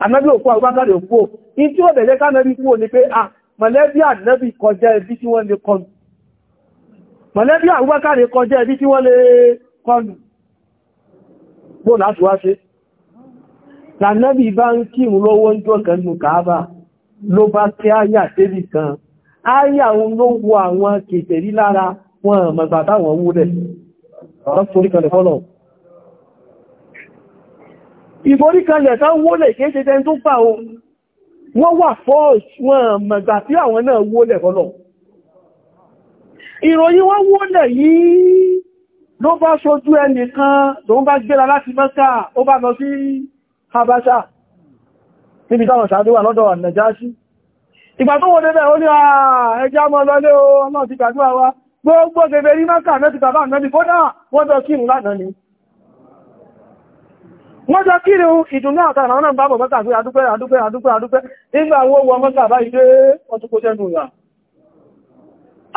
ànẹ́bí òkú àgbákàrí òkú in tí ó bẹ̀rẹ̀ kánẹ́bí kú ní pé à ah, mọ̀lẹ́bí ànẹ́bí kọjá ẹbí tí wọ́n lè kọlù mọ̀lẹ́bí àgbákàrí kọjá ẹbí tí wọ́n lè kọlù bó láti wá ṣe lànẹ́bí bá ń kírun lọ́wọ́ ń jọ́kàn nù kàábà ló bá tẹ́ áyà débì kan áyà òun ló wo àwọn kèfèrí lára wọn mọ̀gbà táwọn wúrẹ̀ lọ́pọ̀ orí kan lè fọ́lọ̀wọ̀ ìborí kanlẹ̀ tán wólẹ̀ kìí ṣe tẹ́ntó pà o wọ́n wà fọ́ọ̀ṣ wọn mọ̀gbà tí àwọn náà wólẹ̀ fọ́lọ̀ ìròyìn wọ́n wólẹ̀ yìí ló bá ṣojú ẹnìkan tó ń bá gbéra láti mọ́ká ó bá lọ sí habasha níbi táwọn sàádọ́wà lọ́dọ̀ nàjáṣí ìgbà tó wọ́n débẹ̀ ó ní ẹjá mọ́ lọlé o ọlọ́ ti gbàdúwà wa gbogbo gẹ̀gẹ̀ rí mọ́ká mẹ́tìkà bá mẹ́bí kódà wọ́n jọ kírùn lánàá ni wọ́n jọ kí ìrìn ìdùnnú àtàrà náà bá bọ̀ mọ́ta adúpẹ́ adúpẹ́ adúpẹ́ adúpẹ́ nígbà wọ́n wọ mọ́ta bá ìdé ọtúkó jẹ́ nùlá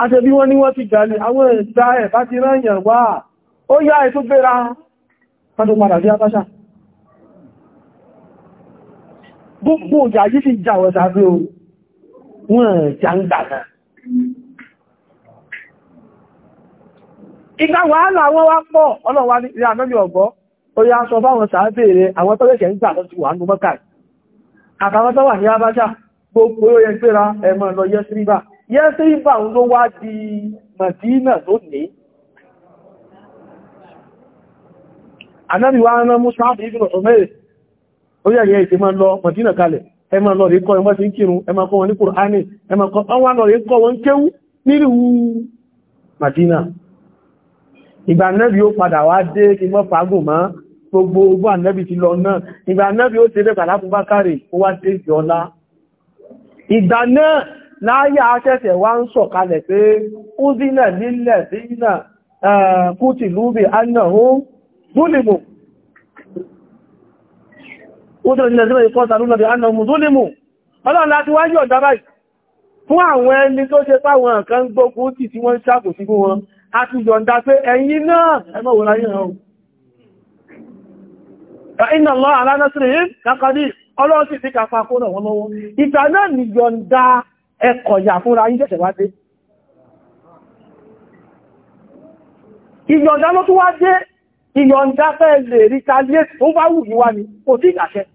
àti wọ́n ní wọ́n ti jalè àwọn ẹ̀dá ẹ̀ bá ti rányàn wá ó yá sọ fáwọn sàábèèrè àwọn tọ́lẹ̀kẹ̀ ń gbà lọ́tí wà ní mọ́kà àtàwọn tọ́wà ní abájá gbogbo oye pẹ́ra ẹ̀mọ̀ lọ yẹ́sìríbà yẹ́sìríbà ń ló wá di Mádínà tó ní anábíwá rán mùsùlùmí ìbìnà ọmọrẹ̀ ó yẹ̀ yẹ́ ìtì máa lọ Mádínà kalẹ̀ ẹmọ lọ rí kọ́ ẹmọ́ sí ń kírun ẹmọ kọ́ wọn ní Kùránì ẹmọ kọ́ wọn lọ rí kọ́ wọn kéwú nílùú Mádínà ìgbà náà bí ó padà wá dé kí mọ́ fagùn máa gbogbo ogbó ànẹ́bì ti lọ náà ìgbà ànẹ́bì ó ṣe lẹ́kà lápúbákàrè ó wá dé ìjọlá ìgbà náà láyà akẹ́sẹ̀ wá ń sọ̀kalẹ̀ pé ó zínà nílẹ̀ zínà kú ti lúbẹ̀ annahu zulimu ó tẹ́lẹ̀ nílẹ̀ zínà ikọ́ sàrúnà bí annahu zulimu ọlọ́run láti wáyé ọ̀dá báyìí fún àwọn ẹni tó ṣe fáwọn nǹkan gbógun tì tí wọ́n ń ṣàkóso wọn a ti yọ̀ǹda pé ẹ̀yin náà ẹmọ́ wọ́n láyé hàn Inna Allah ala nasrihim laqadir ọlọ́run sì fi kàfà kó náà wọn lọ́wọ́. Ìgbà náà ni yọ̀ǹda ẹkọ̀yà fúnra yí jẹ́sẹ̀ wá dé. Ìyọ̀ǹda ló tún wá dé, ìyọ̀ǹda fẹ́ lè rí taliẹ́sì tó bá wù yíwá ni, kò sí ìgbàṣẹ́.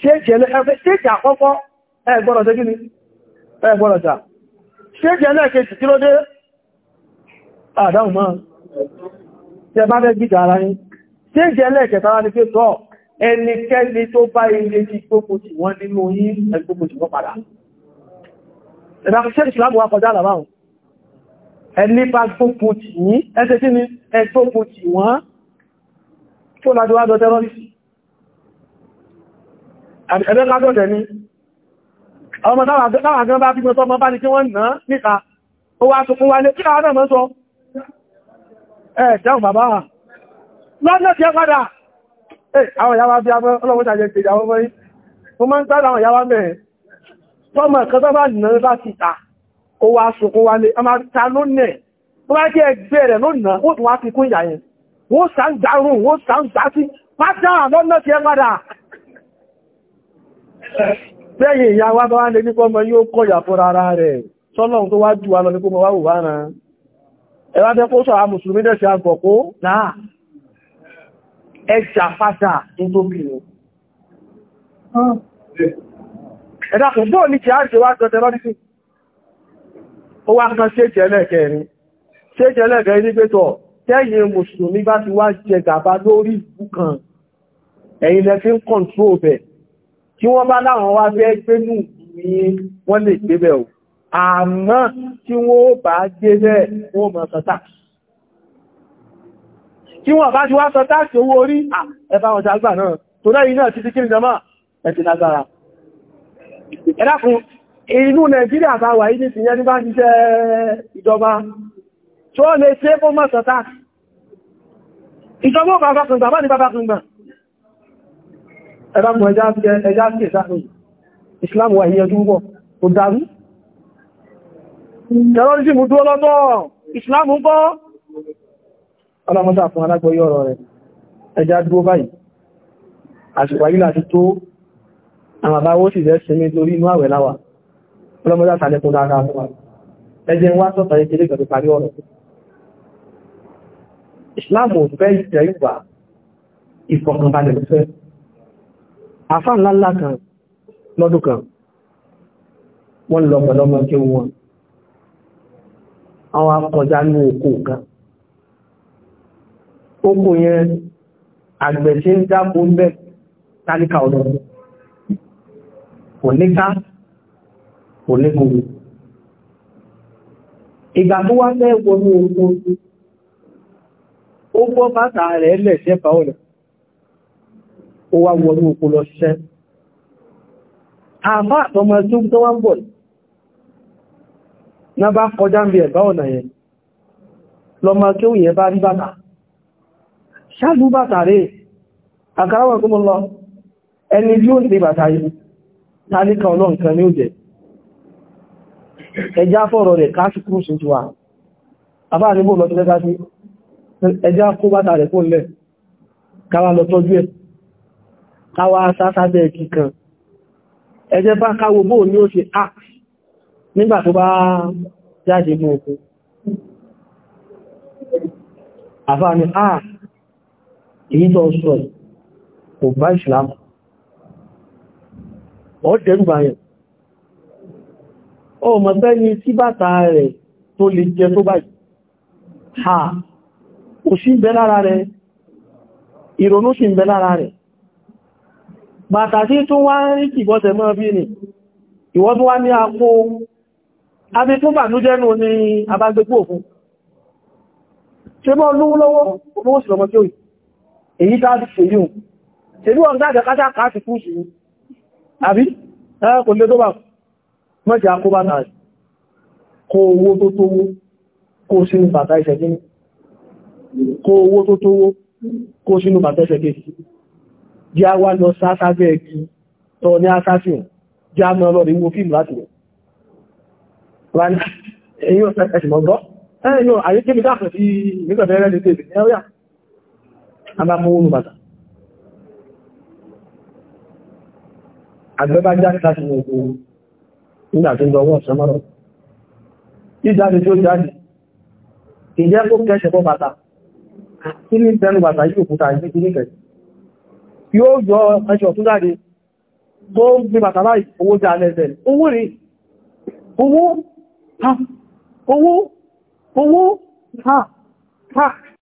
Ṣéjì àkọ́kọ́ ẹgbọ́nà ṣe gíní, ẹgbọ́nà ṣà. Ṣéjì ẹlẹ́ẹ̀kejì kí ló dé? Àdáhùn máa tẹ bá fẹ́ gbígbà ara yín tí ìjẹ́ ẹlẹ́ẹ̀kẹta ni pé tọ́ ẹnikẹ́ni tó bá ilé ti gbógun tì wọ́n nínú yín ẹgbógun tì wọ́n padà ìbáṣẹ́ ìsìlámù wa kọjá àlàbáhùn ẹni bá gbógun tì yín ẹsẹ̀ tí ni ẹgbógun tì wọ́n tó lájọ́ wájọ́ tẹ́rọ́lìsì ẹgbẹ́ lájọ́ tẹ́ ni ọmọ táwà gán bá bí mọ́ tọ́ mọ́ bá ní kí wọ́n ná níta ó wá tó fún wálé kí ẹ̀ẹ̀dáhùn bàbá wa lọ́nà tí ẹ padà àwọn ìyáwá bí abọ́ ọlọ́wọ́ta jẹ́ pèdà wọ́n fọ́yí mo máa ń sára àwọn ìyáwá mẹ́rin tọ́mọ̀ kan tọ́bà nà bá ti ta ó wá sùkún wálé a máa ta ló nẹ̀ tó bá jẹ́ ẹgbẹ́ rẹ̀ lónà ó tún wá fi kún ìyà yẹn wó sàn dárùn wó sàn dásí pátá lọ́nà tí ẹ padà lẹ́yìn ìyáwá bá wá lè nípa ọmọ yóò kọ̀yà fúnra rẹ̀ sọ́lọ́run tó wá jù ẹwà tẹ́ kó sọ̀rọ̀ mùsùlùmí dẹ̀ sí àgbọ̀kó náà ẹjà fásà tó bìnú ẹ̀dàkùn bóò ní kí á ṣe wá tọ́tẹ́ lọ́dísì ó wá kan ṣe jẹ́lẹ̀kẹ̀ẹ́rin ṣe jẹ́lẹ̀kẹ̀ẹ́rin ní pẹ́tọ̀ tẹ́yìn mùsùlùmí bá ti wá jẹ gàba lórí ìlú kan ẹ̀yin lẹ fi ń kọ̀ntró bẹ̀ kí wọ́n bá láwọn wá fẹ́ gbénú ní wọ́n lè gbébẹ̀ o àmá tí wọ́n bá gbé bẹ́ẹ̀ wọ́n mọ̀ sọ́tàkì tí wọ́n bá ti wá sọ́tàkì owó orí ẹ̀fà wọn jàgbà náà tó lẹ́yìn náà títí kí ìjọmá ẹ̀tì lágbára ẹ̀dàkùn inú Nàìjíríà bá wà ní ti yẹn ní bá ti jẹ́ ìjọba tó lè ṣe fún mọ̀ sọ́tàkì ìjọba bàbákùngbà bá ní bàbákùngbà ẹ̀dàkùn ẹjá sí ẹ̀sàkùn Islam wà ìyẹn dúró kò dárú terrorism dúró lọ́tọ̀ islam ń kọ́ ọlọ́mọ́sá fún alágbọ́yọ́ ọ̀rọ̀ rẹ̀ ẹjá dúró báyìí àsìkò ayílà ti tó àwọn àbáwó sì rẹ̀ sinmi lórí inú àwẹ̀ láwà ọlọ́mọ́sá sàlẹ̀kún dáadáa fún wa ẹjẹ́ wá sọ́tọ̀ ìkéré kan tó parí ọ̀rọ̀ islam ò fẹ́ ìtẹ̀rígbà ìfọ̀kànbalẹ̀ ló fẹ́ àfáà ńláńlá kan lọ́dún kan wọ́n lọ pẹ̀lọ́mọ́ kéwù wọn àwọn akọjá ní oko kan oko yẹn àgbẹ̀ tí ń dákó ń bẹ́ tálíkà ọ̀dọ̀ kò níká kò nígbòrò ìgbà tó wá fẹ́ wọnú oko ó gbọ́ bàtà rẹ̀ lẹ̀ṣẹ́ bá ọ̀nà ó wá wọnú oko lọ ṣiṣẹ́ àbá àtọmọ tó wá bọ̀ náà bá kọjá ń bí ẹ̀bá ọ̀nà yẹn lọ́mọ kí ó yẹ bá rí bàtà ṣáàlú bàtà rẹ̀ àkàràwà kúmọ lọ ẹni bí ó ní bàtà yìí tálíkà ọlọ́nkan ní ó jẹ ẹjá fọ́rọ̀ rẹ̀ káṣùkú ẹjẹ́ bá káwò bóò ní ó ṣe act nígbà tó bá jáde mú òkú àfá ni a èyí tó sọ kò bá ìsìlámù ọ̀ dẹ̀rùbà yẹn ó mọ̀ fẹ́ ni tí bàtà rẹ̀ tó lè jẹ tó báyìí ha ò sí bẹ lára rẹ̀ ìrònú sí bẹ lára rẹ̀ bàtà tí tún wá ń rí kìbọ́sẹ̀ mọ́ bí ni ìwọ́n tún wá ní apó àbí fún bà nújẹ́ nù ní àbágbégbó òfin ṣe mọ́ lówó lọ́wọ́ owó sí lọmọ tí ó èyí tá ti ṣe yíò ṣe bí wọ́n dájẹ́ kájá káàkì fún sí àbí kò lè tó bà mọ́jẹ́ àkóbá náà kó owó tó tówó kó sínú bàtà ìṣẹ́gíní kó owó tó tówó kó sínú bàtà ìṣẹ́gíní jẹ́ àwa lọ sáásábẹ́ ẹgbì wọn èyí ẹ̀ṣìn mọ́gbọ́ ẹ̀yìn àyí kí mi dáàkì sí nígbàbẹ̀rẹ̀ lè tèbì ní ọ́yà a máa mú olùbàtà àgbẹ́bá já láti gbogbo nígbà tó ń lọ wọ́n sọmọ́rọ̀ ìjáde tí ó jáde ìjẹ́ kó kẹ́ṣẹ̀ bọ́ bàtà kí ní tẹnu bàtà yìí òkúta ìgbé kí ní kẹ̀ẹ́ yóò yọ ẹṣọ̀ tó jáde tó ń gbé bàtà láì owó já lẹ́sẹ̀ owó ha owó owó ha ha